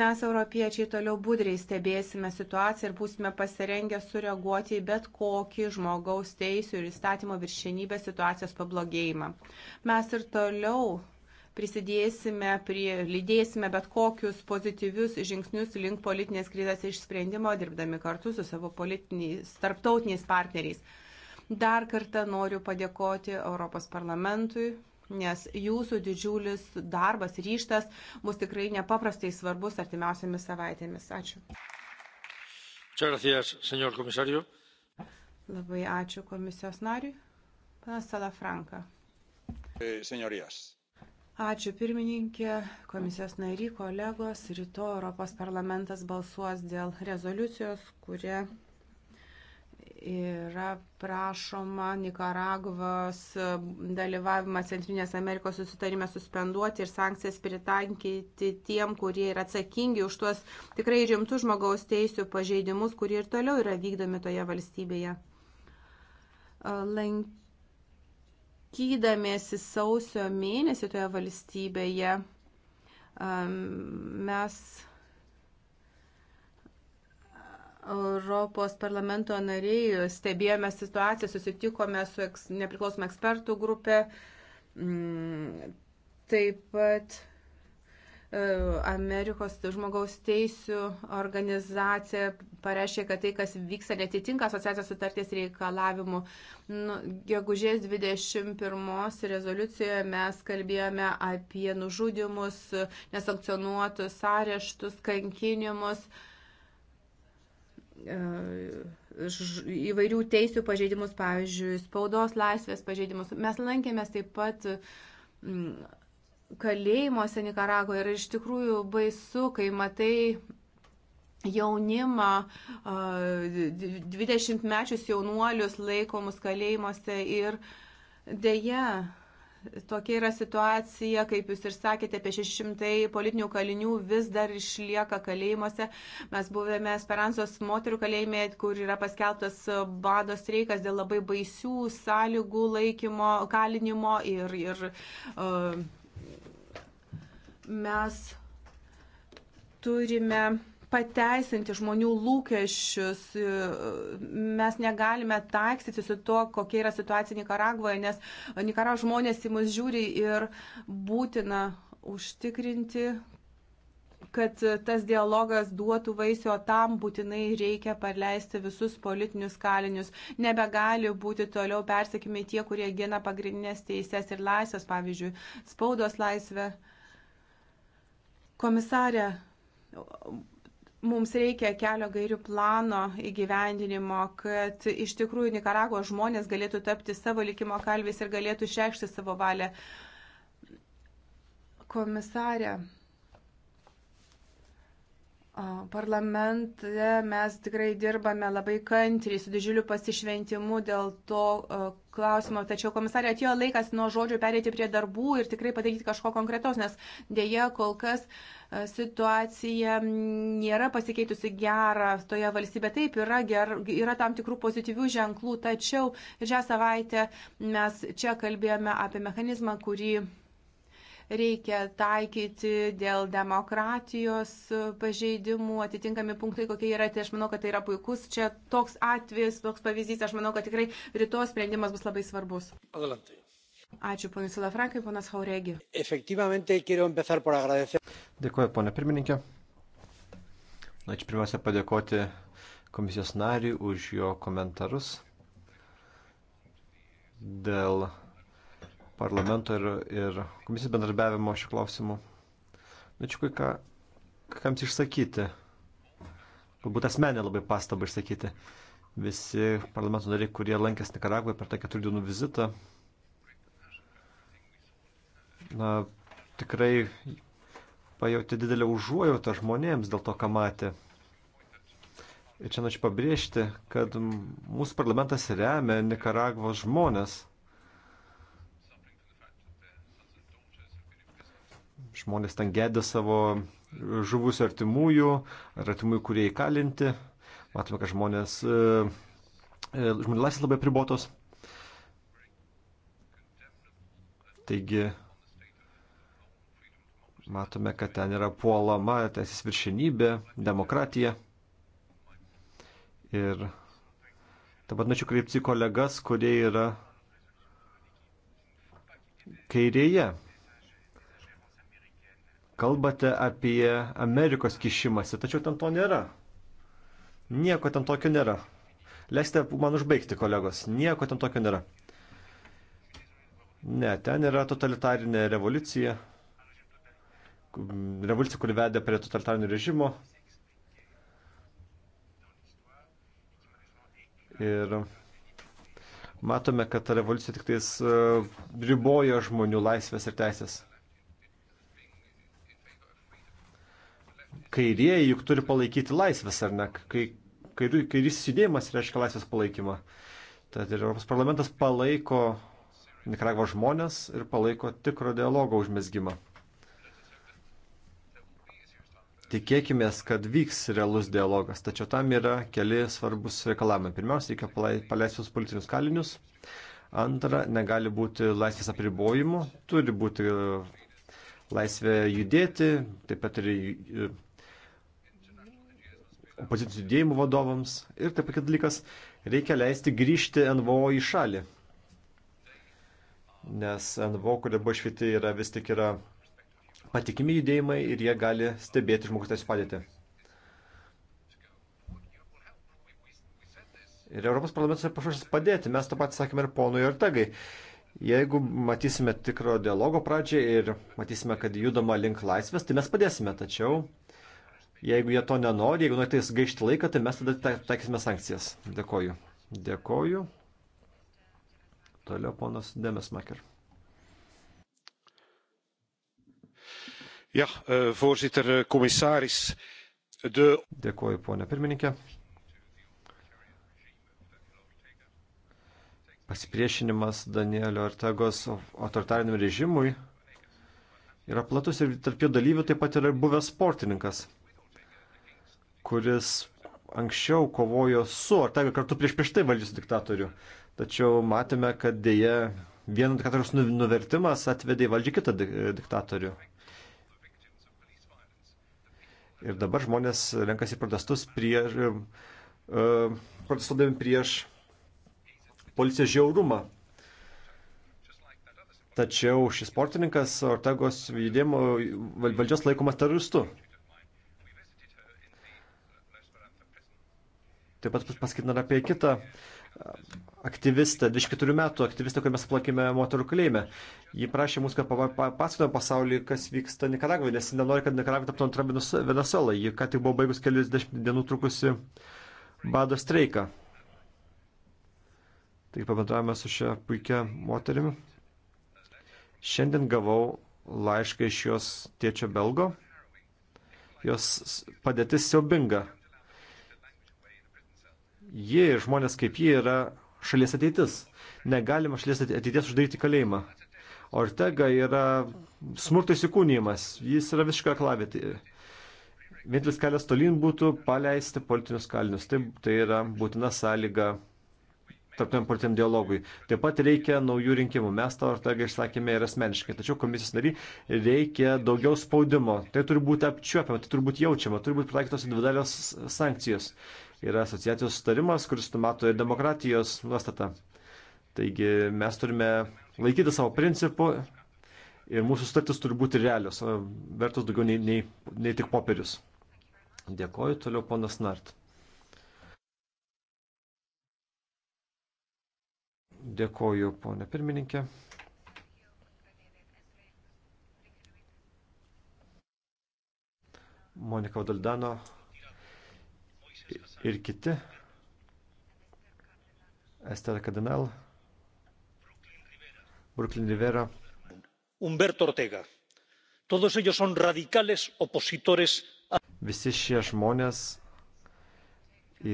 Mes, europiečiai, toliau budriai stebėsime situaciją ir būsime pasirengę sureaguoti į bet kokį žmogaus teisų ir įstatymo viršenybės situacijos pablogėjimą. Mes ir toliau prisidėsime, prie, lydėsime bet kokius pozityvius žingsnius link politinės krizės išsprendimo, dirbdami kartu su savo politiniais, tarptautiniais partneriais. Dar kartą noriu padėkoti Europos parlamentui, nes jūsų didžiulis darbas, ryštas bus tikrai nepaprastai svarbus artimiausiamis savaitėmis. Ačiū. Gracias, Labai ačiū komisijos nariui. Panas Salafranka. E, Senjorijas. Ačiū pirmininkė, komisijos nariai, kolegos. Ryto Europos parlamentas balsuos dėl rezoliucijos, kurie yra prašoma Nikaragvos dalyvavimą Centrinės Amerikos susitarime suspenduoti ir sankcijas pritankyti tiem, kurie yra atsakingi už tuos tikrai rimtus žmogaus teisų pažeidimus, kurie ir toliau yra vykdomi toje valstybėje. Lankydamėsi sausio mėnesį toje valstybėje mes Europos parlamento nariai stebėjome situaciją, susitikome su eks, nepriklausomą ekspertų grupė, mm, taip pat e, Amerikos žmogaus teisų organizacija pareiškė, kad tai, kas vyksta, netitinka asociacijos sutarties reikalavimų. Nu, gegužės 21 rezoliucijoje mes kalbėjome apie nužudimus, nesankcionuotus areštus, kankinimus. Uh, E, įvairių teisių pažeidimus, pavyzdžiui, spaudos laisvės pažeidimus. Mes lankėmės taip pat kalėjimuose Nikaragoje ir iš tikrųjų baisu, kai matai jaunimą, 20 e, mečius jaunuolius laikomus kalėjimuose ir dėja Tokia yra situacija, kaip jūs ir sakėte, apie 600 politinių kalinių vis dar išlieka kalėjimuose. Mes buvome Esperanzos moterų kalėjime, kur yra paskeltas bado streikas dėl labai baisių sąlygų laikymo, kalinimo ir, ir uh, mes turime pateisinti žmonių lūkesčius. Mes negalime taiksyti su to, kokia yra situacija Nikaragvoje, nes Nikaragvo žmonės į mus žiūri ir būtina užtikrinti, kad tas dialogas duotų vaisių, o tam būtinai reikia paleisti visus politinius kalinius. Nebegali būti toliau persekimi tie, kurie gina pagrindinės teises ir laisvės, pavyzdžiui, spaudos laisvę. Komisarė, Mums reikia kelio gairių plano įgyvendinimo, kad iš tikrųjų Nikaragvo žmonės galėtų tapti savo likimo kalvis ir galėtų išreikšti savo valią. Komisarė, Parlamente mes tikrai dirbame labai kantriai, su didžiuliu pasišventimu dėl to klausimo. Tačiau, komisarė, atėjo laikas nuo žodžių perėti prie darbų ir tikrai padaryti kažko konkretaus, nes dėja kol kas e, situacija nėra pasikeitusi gerą toje valstybė. Taip, yra, ger, yra tam tikrų pozityvių ženklų, tačiau šią savaitę mes čia kalbėjome apie mechanizmą, kurį reikia taikyti dėl demokratijos pažeidimų, atitinkami punktai, kokie yra, tai aš manau, kad tai yra puikus. Čia toks atvejis, toks pavyzdys, aš manau, kad tikrai ryto sprendimas bus labai svarbus. Adelante. Ačiū, ponai Silafrankai, ponas Hauregi. Dėkuoju, ponė pirmininkė. Ačiū pirmiausia padėkoti komisijos nariui už jo komentarus dėl parlamento ir, ir komisijos bendradarbiavimo šiuo klausimu. Norėčiau kai ką, kams išsakyti. Galbūt asmenė labai pastabą išsakyti. Visi parlamento nariai, kurie lankės Nikaragvoje per tą keturių dienų vizitą, na, tikrai pajauti didelę užuojautą žmonėms dėl to, ką matė. Ir čia norėčiau pabrėžti, kad mūsų parlamentas remia Nikaragvos žmonės. žmonės ten gedė savo žuvusių artimųjų, ar artimųjų, kurie įkalinti. Matome, kad žmonės, e, e, žmonių laisvės labai pribotos. Taigi, matome, kad ten yra puolama teisės viršinybė, demokratija. Ir dabar norėčiau kreipti kolegas, kurie yra kairėje kalbate apie Amerikos kišimąsi, tačiau ten to nėra. Nieko ten tokio nėra. Leiskite man užbaigti, kolegos. Nieko ten tokio nėra. Ne, ten yra totalitarinė revoliucija. Revoliucija, kuri vedė prie totalitarinio režimo. Ir matome, kad ta revoliucija tik tais e, ribojo žmonių laisvės ir teisės. kairieji juk turi palaikyti laisvės, ar ne? Kai, kairysis judėjimas reiškia laisvės palaikymą. Tad ir Europos parlamentas palaiko Nikaragvos žmonės ir palaiko tikro dialogo užmėsgymą. Tikėkime, kad vyks realus dialogas, tačiau tam yra keli svarbus reikalavimai. Pirmiausia, reikia paleisti visus politinius kalinius. Antra, negali būti laisvės apribojimų, turi būti e, laisvė judėti, taip pat ir e, opozicijų judėjimų vadovams. Ir taip pat dalykas, reikia leisti grįžti NVO į šalį. Nes NVO, kurie buvo išvyti, yra vis tik yra patikimi judėjimai ir jie gali stebėti žmogus teisų padėtį. Ir Europos parlamentas yra pašašęs padėti. Mes tą patį sakėme ir ponui Ortegai. Jeigu matysime tikro dialogo pradžią ir matysime, kad judama link laisvės, tai mes padėsime. Tačiau Jeigu jie to nenori, jeigu norite gaišti laiką, tai mes tada taikysime sankcijas. Dėkoju. Dėkoju. Toliau ponas Demesmaker. Ja, e, voorzitter, e, commissaris. De... Dėkoju, ponė pirmininkė. Pasipriešinimas Danielio Artegos autoritariniam režimui yra platus ir tarp jo dalyvių taip pat yra buvęs sportininkas kuris anksčiau kovojo su, ar tai kartu prieš prieš tai valdžius diktatorių. Tačiau matėme, kad dėja vieno diktatoriaus nu, nuvertimas atvedė į valdžią kitą diktatorių. Ir dabar žmonės renkasi protestus prieš, uh, e, protestuodami prieš policijos žiaurumą. Tačiau šis sportininkas Ortegos judėjimo valdžios laikomas teroristu. Taip pat paskaitina apie kitą aktyvistą, 24 metų aktyvistą, kurį mes aplankėme moterų kalėjime. Ji prašė mus, kad papasakotume pasauliui, kas vyksta Nikaragvoje, nes ji nenori, kad Nikaragvoje taptų antra Venezuela. Ji ką tik buvo baigus kelius dešimt dienų trukusi bado streiką. Taigi pabendravome su šia puikia moterimi. Šiandien gavau laišką iš jos tėčio Belgo. Jos padėtis siaubinga ji ir žmonės kaip ji yra šalies ateitis. Negalima šalies ateities uždaryti kalėjimą. Ortega yra smurto įsikūnymas, jis yra visiškai aklavėti. Vienintelis kelias tolyn būtų paleisti politinius kalinius. Tai, tai yra būtina sąlyga tarptautiniam politiniam dialogui. Taip pat reikia naujų rinkimų. Mes tą Ortegą išsakėme ir asmeniškai. Tačiau komisijos nariai reikia daugiau spaudimo. Tai turi būti apčiuopiama, tai turi būti jaučiama, turi būti pritaikytos individualios sankcijos yra asociacijos sutarimas, kuris numato ir demokratijos nuostatą. Taigi mes turime laikyti savo principų ir mūsų sutartis turi būti realios, vertos daugiau nei, nei, nei tik popierius. Dėkoju, toliau ponas Nart. Dėkoju, ponė pirmininkė. Monika Valdaldano ir kiti. Esther Kadamel, Brooklyn Rivera. Humberto Ortega. Todos ellos son radicales opositores. A... Visi šie žmonės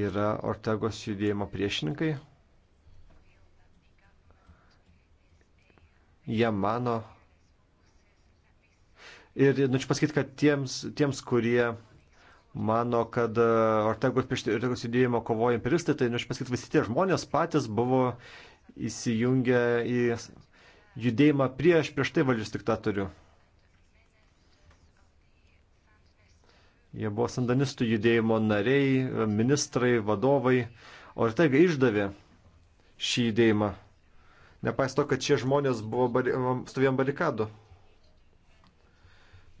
yra Ortegos judėjimo priešininkai. Jie mano. Ir noriu pasakyti, kad tiems, tiems kurie mano, kad e, Ortegos prieš Ortegos judėjimą kovoja imperistai, tai aš pasakyti, visi tie žmonės patys buvo įsijungę į judėjimą prieš prieš tai valdžius diktatorių. Jie buvo sandanistų judėjimo nariai, ministrai, vadovai, o ir taiga išdavė šį judėjimą. Nepaisant to, kad šie žmonės buvo bari, stovėjom barikadų.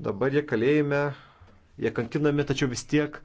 Dabar jie kalėjime jie kankinami, tačiau vis tiek